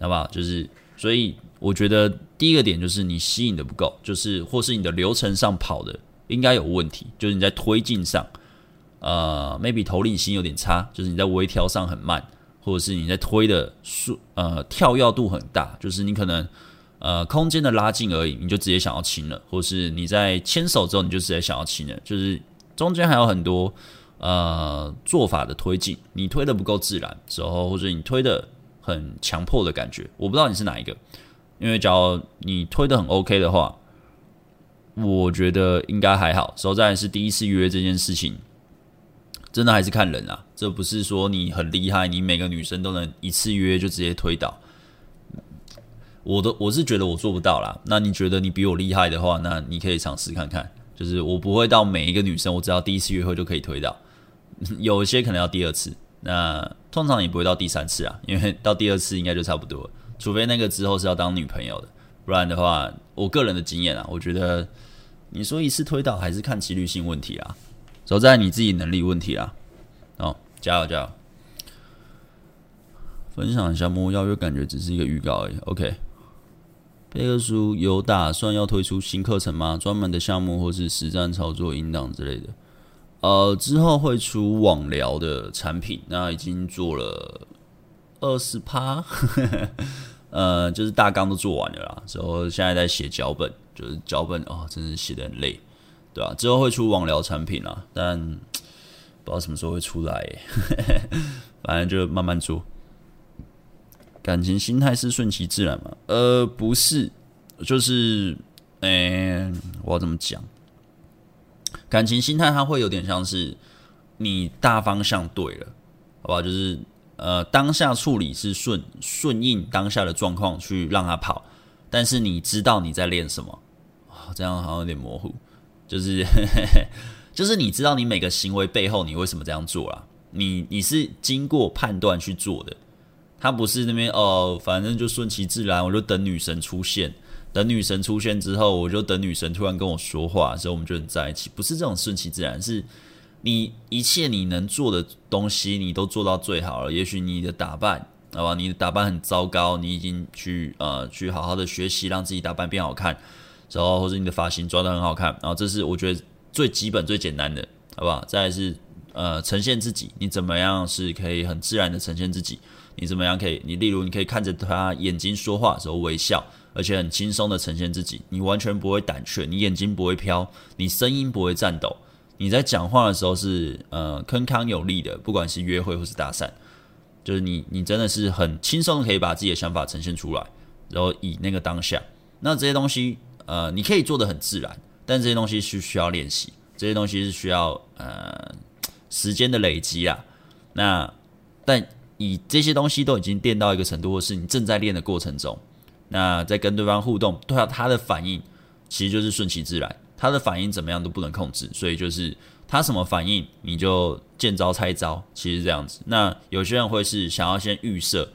好不好？就是所以。我覺得第一個點就是你吸引的不夠，就是或是你的流程上跑的應該有問題，就是你在推進上，呃，maybe 頭領心有點差，就是你在微調上很慢，或者是你在推的速呃跳躍度很大，就是你可能呃空間的拉近而已，你就直接想要親了，或者是你在牽手之後你就直接想要親了，就是中間還有很多呃做法的推進，你推的不夠自然，之後或者你推的很強迫的感覺，我不知道你是哪一個。因為，假如你推得很 OK 的話，我覺得應該還好。所以再來是第一次約這件事情，真的還是看人啊，這不是說你很厲害，你每個女生都能一次約就直接推倒。我都我是覺得我做不到啦。那你覺得你比我厲害的話，那你可以嘗試看看。就是我不會到每一個女生，我只要第一次約會就可以推倒，有一些可能要第二次。那通常也不會到第三次啊，因為到第二次應該就差不多。除非那個之後是要當女朋友的。不然的話，我個人的經驗啊，我覺得你說一次推倒還是看幾率性問題啊，走在你自己能力問題啊。好加油，加油！加油分享一下目邀約，感覺只是一個預告而、欸、已。OK，貝克書有打算要推出新課程嗎？專門的項目或是實戰操作引導之類的？呃，之後會出網聊的產品，那已經做了二十趴。 [LAUGHS] 呃，就是大綱都做完了啦，之後現在在寫腳本，就是腳本哦，真的寫得很累，對吧、啊？之後會出網聊產品啦，但不知道什麼時候會出來耶呵呵，反正就慢慢做。感情心態是順其自然嘛？呃，不是，就是，嗯、欸，我要怎麼講？感情心態它會有點像是你大方向對了，好不好？就是。呃，當下處理是順順應當下的狀況去讓他跑，但是你知道你在練什麼啊？哦，這樣好像有點模糊，就是 [LAUGHS] 就是你知道你每個行為背後你為什麼這樣做啦、啊？你你是經過判斷去做的，他不是那邊哦，反正就順其自然，我就等女神出現，等女神出現之後，我就等女神突然跟我說話，所以我們就能在一起。不是這種順其自然，是。你一切你能做的東西，你都做到最好了。也許你的打扮，好吧，你的打扮很糟糕，你已經去呃去好好的學習，讓自己打扮變好看，然後或者，你的髮型抓得很好看，然後這是我覺得最基本最簡單的，好不好？再來是呃呈現自己，你怎麼樣是可以很自然的呈現自己？你怎麼樣可以？你例如你可以看着他眼睛說話的時候微笑，而且很輕鬆的呈現自己，你完全不會膽怯，你眼睛不會飄，你聲音不會顫抖。你在講話的時候是呃鏗鏘有力的，不管是約會或是搭訕，就是你你真的是很輕鬆的，可以把自己的想法呈現出來，然後以那個當下，那這些東西呃你可以做的很自然，但這些東西是需要練習，這些東西是需要呃時間的累積啊。那但以這些東西都已經練到一個程度，或是你正在練的過程中，那在跟對方互動，對啊，他的反應其實就是順其自然。他的反應怎麼樣都不能控制，所以就是他什麼反應你就見招拆招，其實這樣子。那有些人會是想要先預設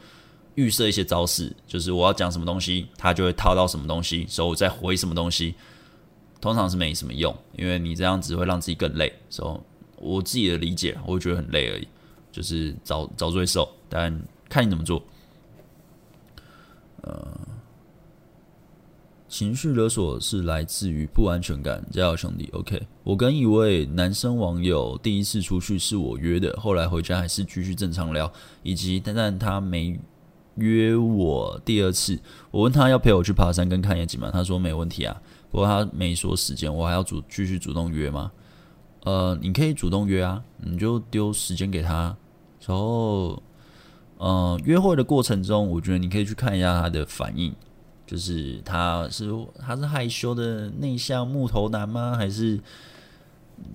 預設一些招式，就是我要講什麼東西，他就會套到什麼東西，所以我再回什麼東西。通常是沒什麼用，因為你這樣子會讓自己更累。所以我自己的理解，我會覺得很累而已，就是找找罪受，但看你怎麼做。嗯、呃。情緒勒索是來自於不安全感，加油兄弟。OK，我跟一位男生網友第一次出去是我約的，後來回家還是繼續正常聊，以及但但他沒約我第二次，我問他要陪我去爬山跟看夜景嗎？他說沒問題啊，不過他沒說時間，我還要主繼續主動約嗎？呃，你可以主動約啊，你就丟時間給他，然後呃，約會的過程中，我覺得你可以去看一下他的反應。就是他是他是害羞的內向木頭男嗎？還是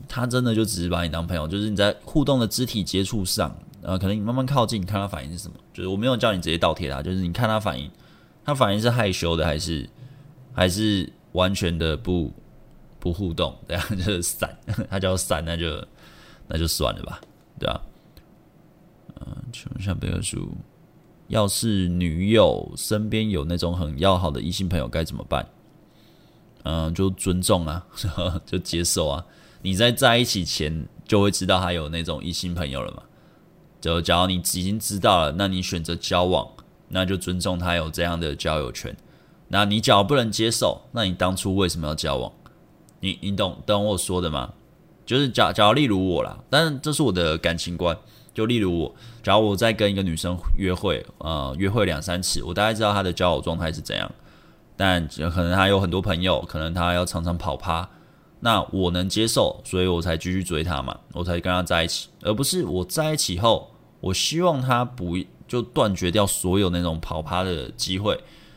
他真的就只是把你當朋友？就是你在互動的肢體接觸上，啊，可能你慢慢靠近，你看他反應是什麼？就是我沒有叫你直接倒貼他，就是你看他反應，他反應是害羞的，還是還是完全的不不互動？對啊，就是散，他叫散，那就那就算了吧，對吧、啊？嗯、呃，請問一下貝克書。要是女友身邊有那種很要好的異性朋友該怎麼辦？嗯、呃，就尊重啊， [LAUGHS] 就接受啊。你在在一起前就會知道他有那種異性朋友了嘛。就假如你已經知道了，那你選擇交往，那就尊重他有這樣的交友權。那你假如不能接受，那你當初為什麼要交往？你你懂懂我說的嗎？就是假假如例如我啦，但這是我的感情觀。就例如我，假如我在跟一個女生約會，呃，約會兩三次，我大概知道她的交友狀態是怎樣，但可能她有很多朋友，可能她要常常跑趴，那我能接受，所以我才繼續追她嘛，我才跟她在一起，而不是我在一起後，我希望她不就斷絕掉所有那種跑趴的機會，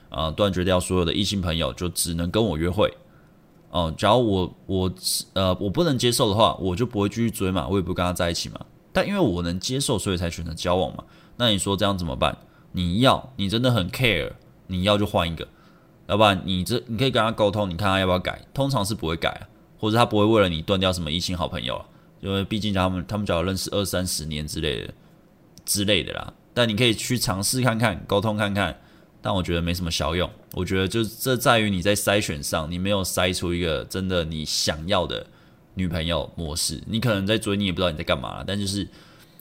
啊、呃，斷絕掉所有的異性朋友，就只能跟我約會，哦、呃，假如我我呃我不能接受的話，我就不會繼續追嘛，我也不跟她在一起嘛。但因為我能接受，所以才選擇交往嘛。那你說這樣怎麼辦？你要你真的很 care，你要就換一個，要不然你這你可以跟他溝通，你看他要不要改。通常是不會改，啊、或者他不會為了你斷掉什麼異性好朋友，因為畢竟他們他們只要認識二三十年之類的之類的啦。但你可以去嘗試看看，溝通看看。但我覺得沒什麼效用。我覺得就這在於你在篩選上，你沒有篩出一個真的你想要的。女朋友模式，你可能在追，你也不知道你在幹嘛。但就是，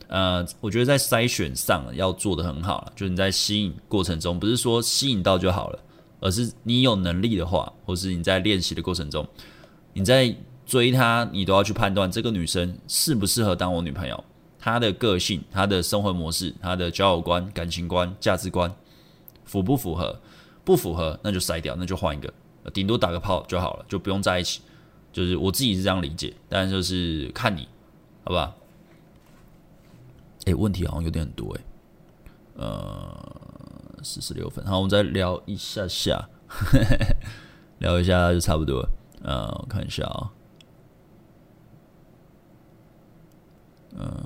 呃，我覺得在篩選上要做得很好了，就是你在吸引過程中，不是說吸引到就好了，而是你有能力的話，或是你在練習的過程中，你在追她，你都要去判斷這個女生適不適合當我女朋友。她的個性、她的生活模式、她的交友觀、感情觀、價值觀符不符合？不符合，那就篩掉，那就換一個，頂多打個炮就好了，就不用在一起。就是我自己是這樣理解，但是就是看你，好不好？哎，問題好像有點很多哎，呃，四十六分，好，我們再聊一下下， [LAUGHS] 聊一下就差不多了。呃，我看一下啊，呃，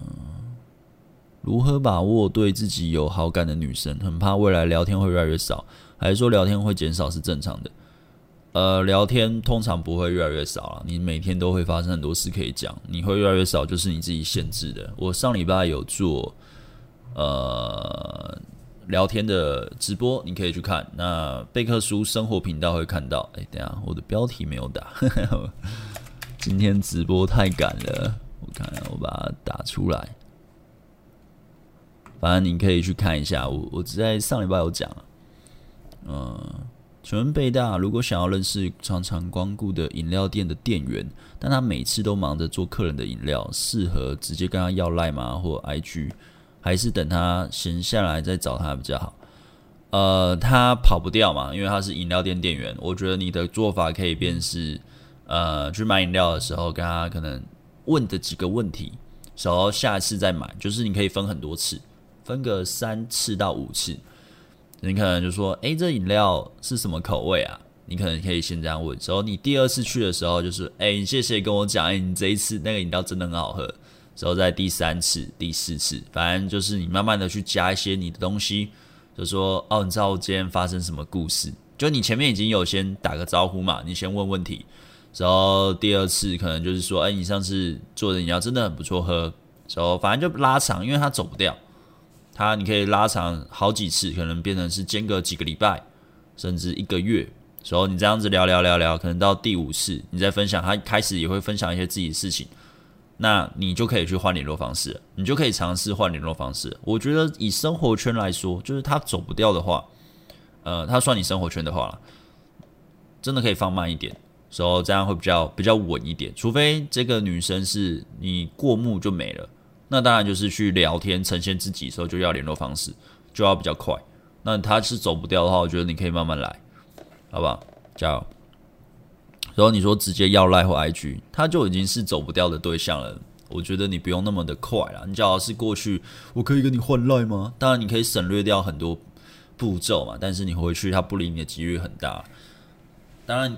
如何把握對自己有好感的女生？很怕未來聊天會越來越少，還是說聊天會減少是正常的？呃，聊天通常不會越來越少啦，你每天都會發生很多事可以講。你會越來越少，就是你自己限制的。我上禮拜有做呃聊天的直播，你可以去看。那貝克書生活頻道會看到。哎、欸，等一下，我的標題沒有打，呵呵，今天直播太趕了。我看下，我把它打出來。反正你可以去看一下。我我只在上禮拜有講嗯。呃請問貝大，如果想要認識常常光顧的飲料店的店員，但他每次都忙着做客人的飲料，適合直接跟他要賴嗎？或 IG，還是等他閒下來再找他比較好？呃，他跑不掉嘛，因為他是飲料店店員。我覺得你的做法可以變成，呃，去買飲料的時候跟他可能問的幾個問題，然後下一次再買，就是你可以分很多次，分個三次到五次。你可能就說：“誒，這飲料是什麼口味啊？”你可能可以先這樣問。之後你第二次去的時候，就是“誒，你謝謝跟我講，誒，你這一次那個飲料真的很好喝。”之後在第三次、第四次，反正就是你慢慢的去加一些你的東西，就說：“哦，你知道我今天發生什麼故事？”就你前面已經有先打個招呼嘛，你先問問題。之後第二次可能就是說：“誒，你上次做的飲料真的很不錯喝。”之後反正就拉長，因為他走不掉。他，你可以拉長好幾次，可能變成是間隔幾個禮拜，甚至一個月。所以你這樣子聊聊聊聊，可能到第五次，你再分享，他一開始也會分享一些自己的事情，那你就可以去換聯絡方式了，你就可以嘗試換聯絡方式了。我覺得以生活圈來說，就是他走不掉的話，呃，他算你生活圈的話，真的可以放慢一點，所以這樣會比較比較穩一點。除非這個女生是你過目就沒了。那當然就是去聊天，呈現自己的時候就要聯絡方式，就要比較快。那他是走不掉的話，我覺得你可以慢慢來，好不好？加油。然後你說直接要賴或 IG，他就已經是走不掉的對象了。我覺得你不用那麼的快啦，你假如是過去，我可以跟你換賴嗎？當然你可以省略掉很多步驟嘛，但是你回去他不理你的幾率很大。當然，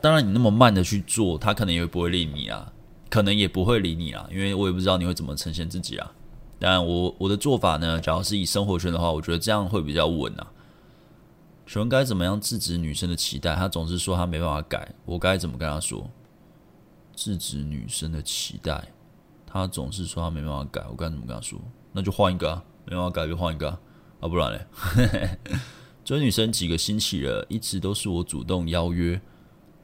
當然你那麼慢的去做，他可能也不會理你啊。可能也不會理你啊，因為我也不知道你會怎麼呈現自己啊。當然，我我的做法呢，假如是以生活圈的話，我覺得這樣會比較穩啊。請問該怎麼樣制止女生的期待？她總是說她沒辦法改，我該怎麼跟她說？制止女生的期待，她總是說她沒辦法改，我該怎麼跟她說？那就換一個啊，沒辦法改就換一個啊，啊，不然咧？嘿嘿 [LAUGHS] 追女生幾個星期了，一直都是我主動邀約。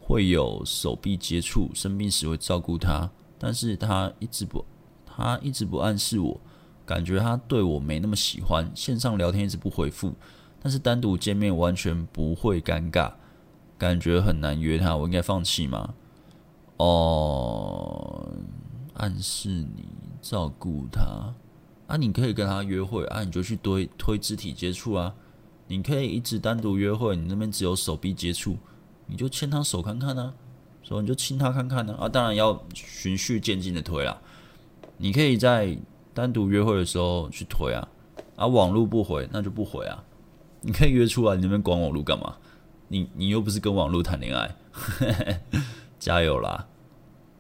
會有手臂接觸，生病時會照顧他，但是他一直不，他一直不暗示我，感覺他對我沒那麼喜歡。線上聊天一直不回復，但是單獨見面完全不會尷尬，感覺很難約他，我應該放棄嘛？哦，暗示你照顧他啊。你可以跟他約會啊，你就去推推肢體接觸啊，你可以一直單獨約會，你那邊只有手臂接觸。你就牽他手看看啊，說你就親他看看呢啊，啊，當然要循序漸進的推啦。你可以在單獨約會的時候去推啊，啊，網絡不回那就不回啊。你可以約出來，你們管網路幹嘛？你你又不是跟網絡談戀愛。 [LAUGHS] 加油啦！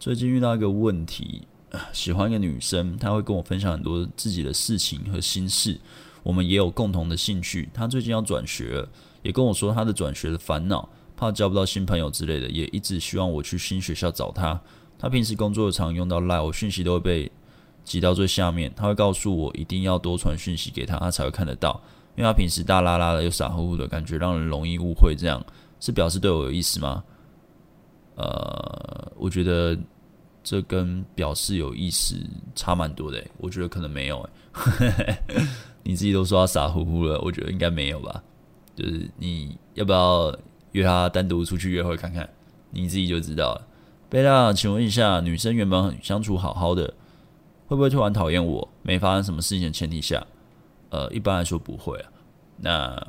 最近遇到一個問題，喜歡一個女生，她會跟我分享很多自己的事情和心事，我們也有共同的興趣。她最近要轉學了，也跟我說她的轉學的煩惱。怕交不到新朋友之類的，也一直希望我去新學校找他。他平時工作常用到 LINE，我訊息都會被擠到最下面。他會告訴我一定要多傳訊息給他，他才會看得到。因為他平時大啦啦的又傻乎乎的感覺，讓人容易誤會。這樣是表示對我有意思嗎？呃，我覺得這跟表示有意思差蠻多的欸。我覺得可能沒有欸。嘿 [LAUGHS] 你自己都說他傻乎乎了，我覺得應該沒有吧？就是你要不要？約他單獨出去約會看看，你自己就知道了。貝拉，請問一下，女生原本很相處好好的，會不會突然討厭我？沒發生什麼事情的前提下，呃，一般來說不會啊。那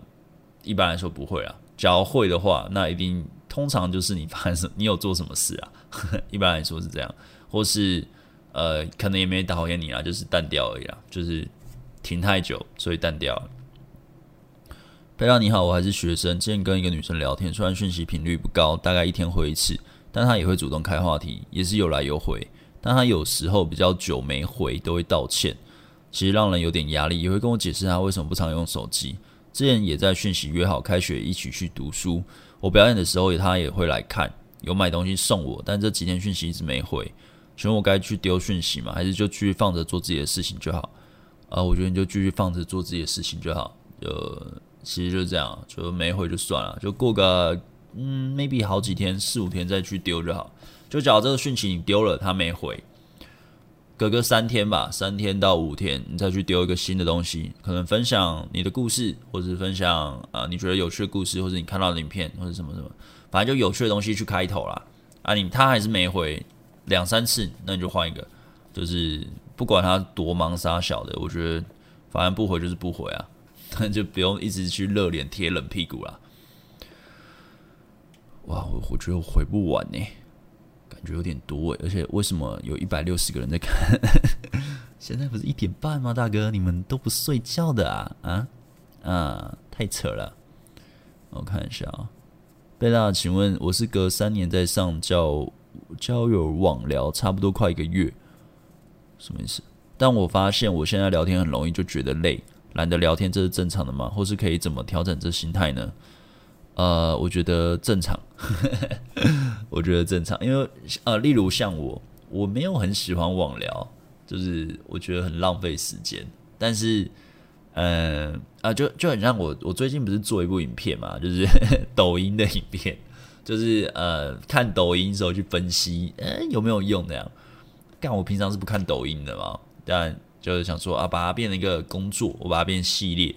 一般來說不會啊。假如會的話，那一定通常就是你發生什麼，你有做什麼事啊？ [LAUGHS] 一般來說是這樣，或是呃，可能也沒討厭你啊，就是淡掉而已啊，就是停太久，所以淡掉了。貝克書你好，我還是學生，今天跟一個女生聊天，雖然訊息頻率不高，大概一天回一次，但她也會主動開話題，也是有來有回，但她有時候比較久沒回都會道歉，其實讓人有點壓力，也會跟我解釋她為什麼不常用手機。之前也在訊息約好開學一起去讀書，我表演的時候她也會來看，有買東西送我，但這幾天訊息一直沒回，所以我該去丟訊息嗎？還是就繼續放着做自己的事情就好？啊，我覺得你就繼續放着做自己的事情就好。呃。其實就是這樣，就沒回就算了，就過個嗯，maybe 好幾天，四五天再去丟就好。就假如這個訊息你丟了，他沒回，隔個三天吧，三天到五天，你再去丟一個新的東西，可能分享你的故事，或者是分享啊你覺得有趣的故事，或者你看到的影片，或者什麼什麼，反正就有趣的東西去開頭啦。啊你，你他還是沒回兩三次，那你就換一個，就是不管他多忙殺小的，我覺得反正不回就是不回啊。那 [LAUGHS] 就不用一直去熱臉貼冷屁股了。哇，我我覺得我回不完呢，感覺有點多誒。而且為什麼有一百六十個人在看？ [LAUGHS] 現在不是一點半嗎？大哥，你們都不睡覺的啊啊？啊啊，太扯了！我看一下哦，貝拉，請問我是隔三年在上交交友網聊，差不多快一個月，什麼意思？但我發現我現在聊天很容易就覺得累。懶得聊天，這是正常的嗎？或是可以怎麼調整這心態呢？呃，我覺得正常，呵呵我覺得正常，因為呃，例如像我，我沒有很喜歡網聊，就是我覺得很浪費時間。但是，嗯、呃、啊、呃，就就很像我，我最近不是做一部影片嘛，就是呵呵抖音的影片，就是呃，看抖音的時候去分析，嗯、呃，有沒有用的樣。但我平常是不看抖音的嘛，但。就是想說啊，把它變成一個工作，我把它變系列，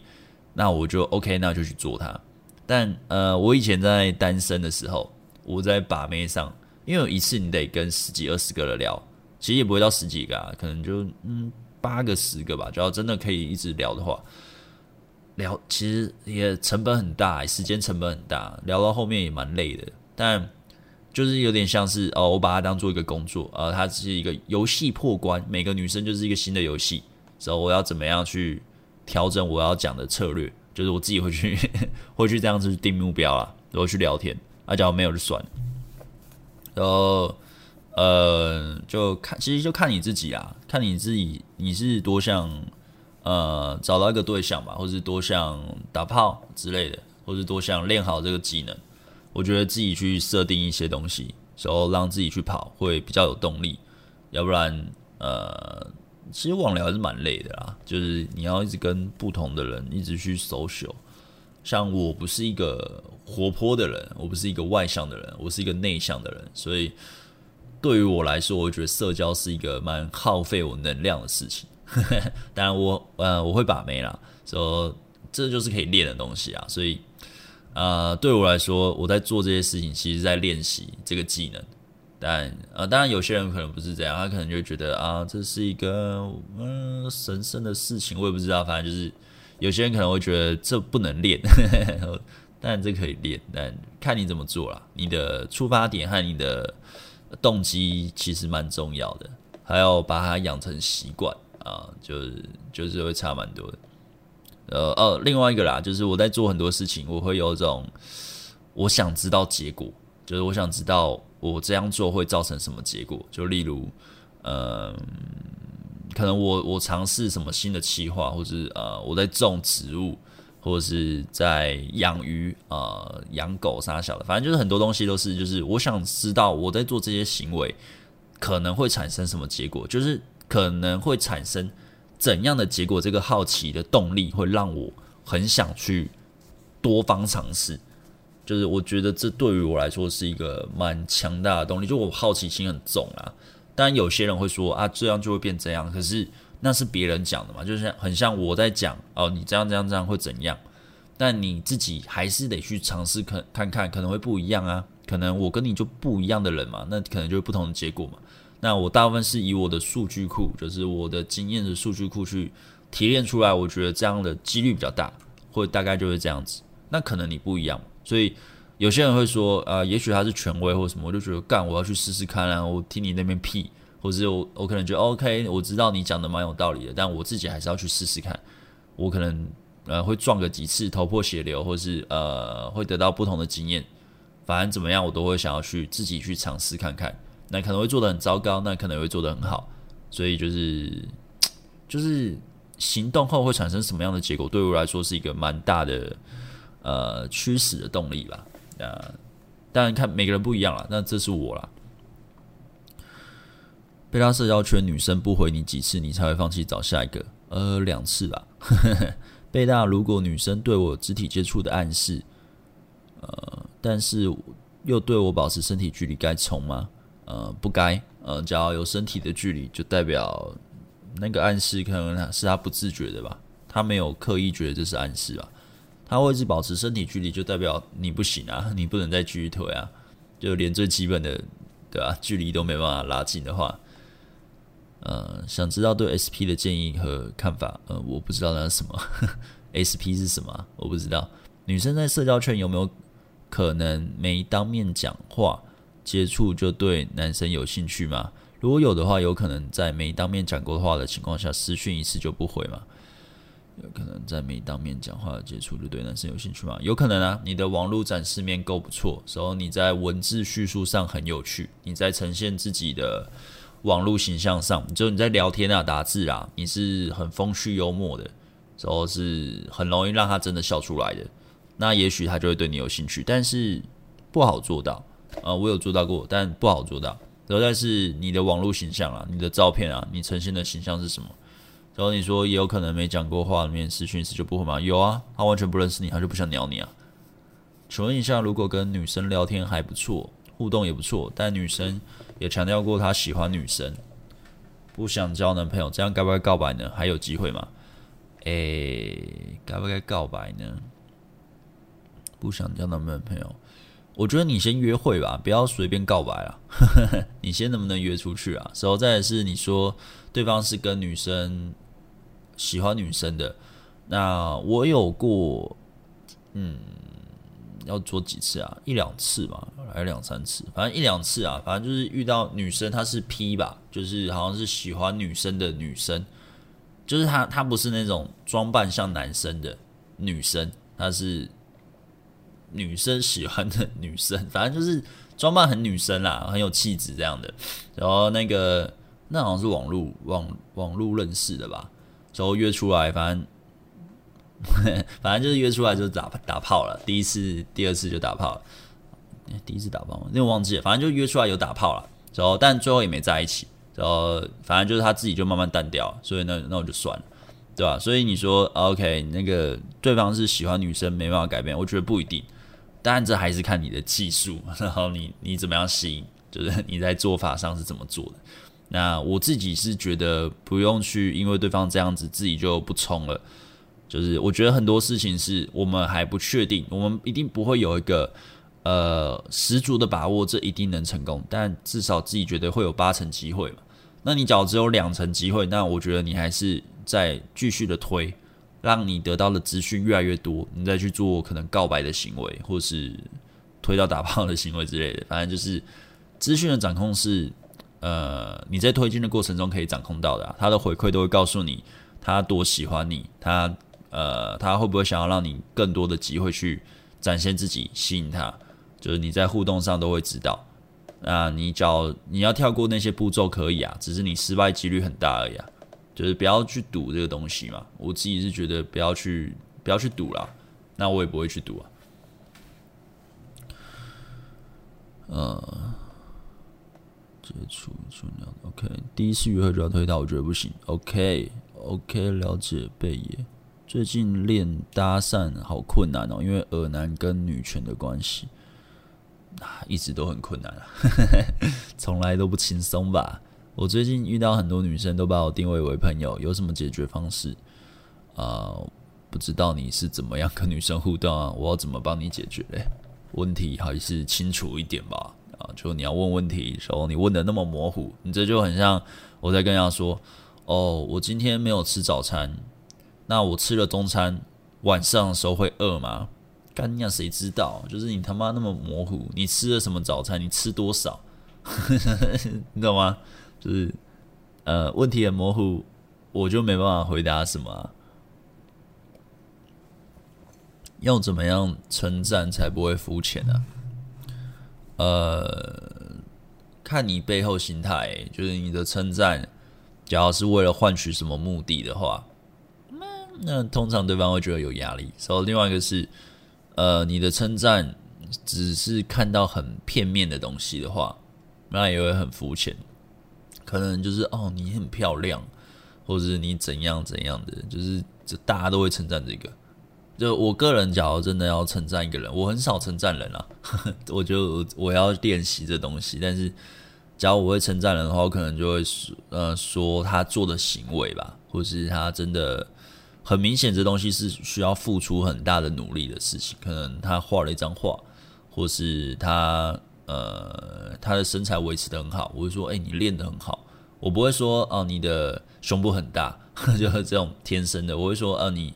那我就 OK，那就去做它。但呃，我以前在單身的時候，我在把妹上，因為有一次你得跟十幾二十個人聊，其實也不會到十幾個啊，可能就嗯八個十個吧。只要真的可以一直聊的話，聊其實也成本很大，欸，時間成本很大，聊到後面也蠻累的，但。就是有點像是哦，我把它當做一個工作，啊、呃，它只是一個遊戲破關，每個女生就是一個新的遊戲，所以我要怎麼樣去調整我要講的策略，就是我自己會去會去這樣子定目標啊，然後去聊天，那、啊、假如沒有就算了，然後呃就看，其實就看你自己啊，看你自己，你是多想呃找到一個對象吧，或是多想打炮之類的，或是多想練好這個技能。我覺得自己去設定一些東西，然後讓自己去跑，會比較有動力。要不然，呃，其實網聊還是蠻累的啦。就是你要一直跟不同的人一直去 social。像我不是一個活潑的人，我不是一個外向的人，我是一個內向的人，所以對於我來說，我覺得社交是一個蠻耗費我能量的事情。呵呵，當然我，我呃，我會把妹啦，所以這就是可以練的東西啊，所以。啊、呃，對我來說，我在做這些事情，其實在練習這個技能。但呃，當然有些人可能不是這樣，他可能就覺得啊、呃，這是一個嗯、呃、神聖的事情，我也不知道。反正就是有些人可能會覺得這不能練，呵呵呵，但這可以練。但看你怎麼做啦，你的出發點和你的動機其實蠻重要的，還有把它養成習慣啊、呃，就是就是會差蠻多的。呃呃、哦，另外一個啦，就是我在做很多事情，我會有種我想知道結果，就是我想知道我這樣做會造成什麼結果。就例如，呃，可能我我嘗試什麼新的企劃，或是啊、呃，我在種植物，或是在養魚，呃，養狗啥小的，反正就是很多東西都是，就是我想知道我在做這些行為可能會產生什麼結果，就是可能會產生。怎樣的結果？這個好奇的動力會讓我很想去多方嘗試。就是我覺得這對於我來說是一個蠻強大的動力。就我好奇心很重啊。當然有些人會說啊，這樣就會變這樣。可是那是別人講的嘛，就是很像我在講哦，你這樣這樣這樣會怎樣？但你自己還是得去嘗試，看看看可能會不一樣啊。可能我跟你就不一樣的人嘛，那可能就是不同的結果嘛。那我大部分是以我的數據庫，就是我的經驗的數據庫去提煉出來，我覺得這樣的幾率比較大，或大概就是這樣子。那可能你不一樣，所以有些人會說，呃，也許他是權威或什麼，我就覺得幹，我要去試試看啊，然後聽你那邊屁，或者是我我可能覺得 OK，我知道你講的蠻有道理的，但我自己還是要去試試看，我可能呃會撞個幾次頭破血流，或是呃會得到不同的經驗，反正怎麼樣我都會想要去自己去嘗試看看。那可能會做得很糟糕，那可能會做得很好，所以就是就是行動後會產生什麼樣的結果，對我來說是一個蠻大的呃驅使的動力吧。呃，當然看每個人不一樣，啦，那這是我啦，貝克，社交圈女生不回你幾次，你才會放棄找下一個？呃，兩次吧。貝克，如果女生對我肢體接觸的暗示，呃，但是又對我保持身體距離，該衝嗎？呃，不該，呃，只要有身體的距離，就代表那個暗示可能是他不自覺的吧，他沒有刻意覺得這是暗示吧，他會一直保持身體距離，就代表你不行啊，你不能再繼續推啊，就連最基本的對吧，啊，距離都沒辦法拉近的話，呃，想知道對 SP 的建議和看法，呃，我不知道那是什麼 [LAUGHS] SP 是什麼，我不知道，女生在社交圈有沒有可能沒當面講話？接觸就對男生有興趣嗎？如果有的話，有可能在沒當面講過的話的情況下私訊一次就不回嗎？有可能在沒當面講話的接觸就對男生有興趣嗎？有可能啊！你的網絡展示面夠不錯，時候你在文字敘述上很有趣，你在呈現自己的網絡形象上，就你在聊天啊、打字啊，你是很風趣幽默的，時候是很容易讓他真的笑出來的，那也許他就會對你有興趣，但是不好做到。啊、呃，我有做到過，但不好做到。然後，但是你的網絡形象啊，你的照片啊，你呈現的形象是什麼？然後你說也有可能沒講過話，面試訓斥就不會嗎？有啊，他完全不認識你，他就不想鳥你啊。請問一下，如果跟女生聊天還不錯，互動也不錯，但女生也強調過她喜歡女生，不想交男朋友，這樣該不該告白呢？還有機會嗎？誒，該不該告白呢？不想交男朋友。我覺得你先約會吧，不要隨便告白啊。 [LAUGHS] 你先能不能約出去啊？時候再是你說對方是跟女生喜歡女生的，那我有過，嗯，要做幾次啊？一兩次吧，還是兩三次，反正一兩次啊。反正就是遇到女生，她是 P 吧，就是好像是喜歡女生的女生，就是她她不是那種裝扮像男生的女生，她是。女生喜歡的女生，反正就是裝扮很女生啦，很有氣質這樣的。然後那個那好像是網路網網路認識的吧，然後約出來，反正呵呵反正就是約出來就打打炮了。第一次、第二次就打炮了，第一次打炮了我那忘記了。反正就約出來有打炮了，然後但最後也沒在一起。然後反正就是他自己就慢慢淡掉，所以那那我就算了，對吧、啊？所以你說 OK，那個對方是喜歡女生沒辦法改變，我覺得不一定。當然，這還是看你的技術，然後你你怎麼樣吸引，就是你在做法上是怎麼做的。那我自己是覺得不用去，因為對方這樣子自己就不衝了。就是我覺得很多事情是我們還不確定，我們一定不會有一個呃十足的把握，這一定能成功。但至少自己覺得會有八成機會嘛。那你假如只有兩成機會，那我覺得你還是在繼續的推，讓你得到的資訊越來越多，你再去做可能告白的行為，或是推到打炮的行為之類的，反正就是資訊的掌控是，呃，你在推進的過程中可以掌控到的啊，他的回饋都會告訴你他多喜歡你，他呃他會不會想要讓你更多的機會去展現自己，吸引他，就是你在互動上都會知道。那你只要你要跳過那些步驟可以啊，只是你失敗幾率很大而已啊。就是不要去賭這個東西嘛，我自己是覺得不要去不要去賭了，那我也不會去賭啊。呃、嗯，接觸重要 OK，第一次約會就要推到，我覺得不行。OK OK，了解貝爺，最近練搭訕好困難哦、喔，因為耳男跟女權的關係啊，一直都很困難，啊，從來都不輕鬆吧。我最近遇到很多女生都把我定位為朋友，有什麼解決方式？啊、呃，不知道你是怎麼樣跟女生互動啊？我要怎麼幫你解決嘞、欸？問題還是清楚一點吧。啊，就你要問問題的時候，你問得那麼模糊，你這就很像我在跟人家說：“哦，我今天沒有吃早餐，那我吃了中餐，晚上的時候會餓嗎？”幹你、啊、誰知道？就是你他媽那麼模糊，你吃了什麼早餐？你吃多少？你 [LAUGHS] 懂嗎？就是，呃，問題很模糊，我就沒辦法回答什麼啊。要怎麼樣稱讚才不會膚淺呢？呃，看你背後心態欸，就是你的稱讚，假如是為了換取什麼目的的話，嗯，那通常對方會覺得有壓力。然後，另外一個是，呃，你的稱讚只是看到很片面的東西的話，那也會很膚淺。可能就是哦，你很漂亮，或者是你怎樣怎樣的，就是這大家都會稱讚這個。就我個人，假如真的要稱讚一個人，我很少稱讚人啊，呵呵，我就我要練習這東西。但是假如我會稱讚人的話，我可能就會說，嗯、呃，說他做的行為吧，或是他真的很明顯，這東西是需要付出很大的努力的事情。可能他畫了一張畫，或是他。呃，他的身材維持得很好，我會說，哎、欸，你練得很好。我不會說，哦、呃，你的胸部很大， [LAUGHS] 就是這種天生的。我會說，呃，你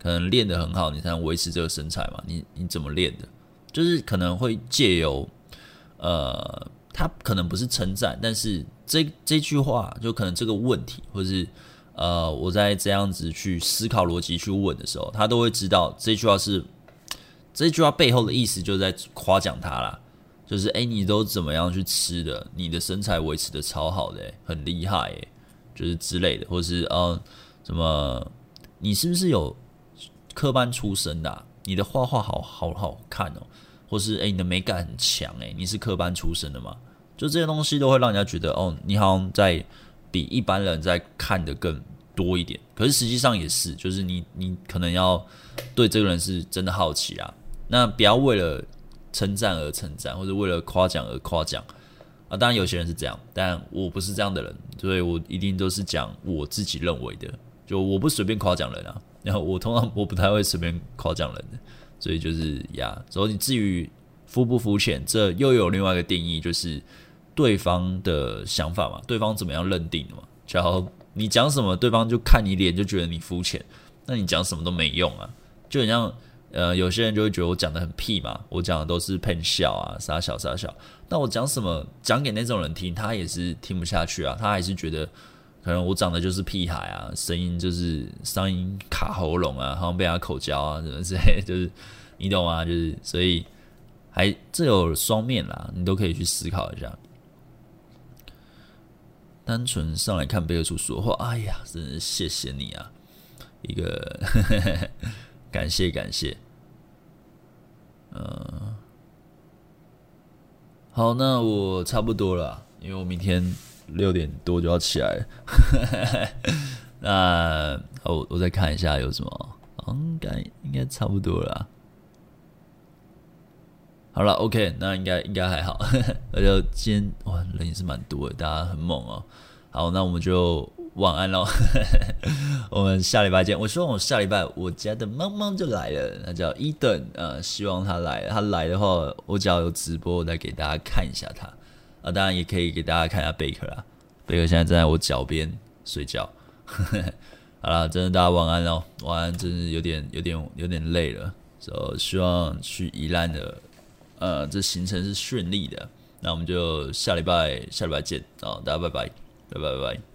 可能練得很好，你才能維持這個身材嘛。你你怎麼練的？就是可能會借由，呃，他可能不是稱讚，但是這這句話，就可能這個問題，或是呃，我在這樣子去思考邏輯去問的時候，他都會知道這句話是這句話背後的意思，就是在誇獎他啦。就是誒，你都怎麼樣去吃的？你的身材維持的超好的，很厲害，哎，就是之類的，或是呃，什麼？你是不是有科班出身的啊？你的畫畫好，好好看哦，或是誒，你的美感很強，誒。你是科班出身的嗎？就這些東西都會讓人家覺得，哦，你好像在比一般人在看的更多一點。可是實際上也是，就是你你可能要對這個人是真的好奇啊。那不要為了。稱讚而稱讚，或者為了誇獎而誇獎啊！當然有些人是這樣，但我不是這樣的人，所以我一定都是講我自己認為的。就我不隨便誇獎人啊，然後我通常我不太會隨便誇獎人的，所以就是呀。所以你至於膚不膚淺，這又有另外一個定義，就是對方的想法嘛，對方怎麼樣認定的嘛？然後你講什麼，對方就看你臉就覺得你膚淺，那你講什麼都沒用啊，就很像。呃，有些人就會覺得我講的很屁嘛，我講的都是噴笑啊，傻笑傻笑。那我講什麼，講給那種人聽，他也是聽不下去啊，他還是覺得可能我講的就是屁孩啊，聲音就是聲音卡喉嚨啊，好像被他口交啊，真的是，就是你懂嗎？就是所以還這有雙面啦，你都可以去思考一下。單純上來看，貝克書說說話，哎呀，真的謝謝你啊，一個。 [LAUGHS] 感謝感謝，嗯、呃，好，那我差不多了，因為我明天六點多就要起來了。 [LAUGHS] 那我我再看一下有什麼，應該應該差不多了。好了，OK，那應該應該還好。那 [LAUGHS] 就今天哇，人也是蠻多的，大家很猛哦、喔。好，那我們就。晚安嘍， [LAUGHS] 我們下禮拜見。我希望我下禮拜我家的貓貓就來了，那叫伊登，呃，希望它來。它來的話，我只要有直播，我再給大家看一下它。啊，當然也可以給大家看一下貝克啦。貝克現在站在我腳邊睡覺。 [LAUGHS] 好了，真的大家晚安嘍，晚安，真是有點有點有點累了。就、so, 希望去宜蘭的，呃，這行程是順利的。那我們就下禮拜下禮拜見啊、哦，大家拜拜，拜拜拜拜。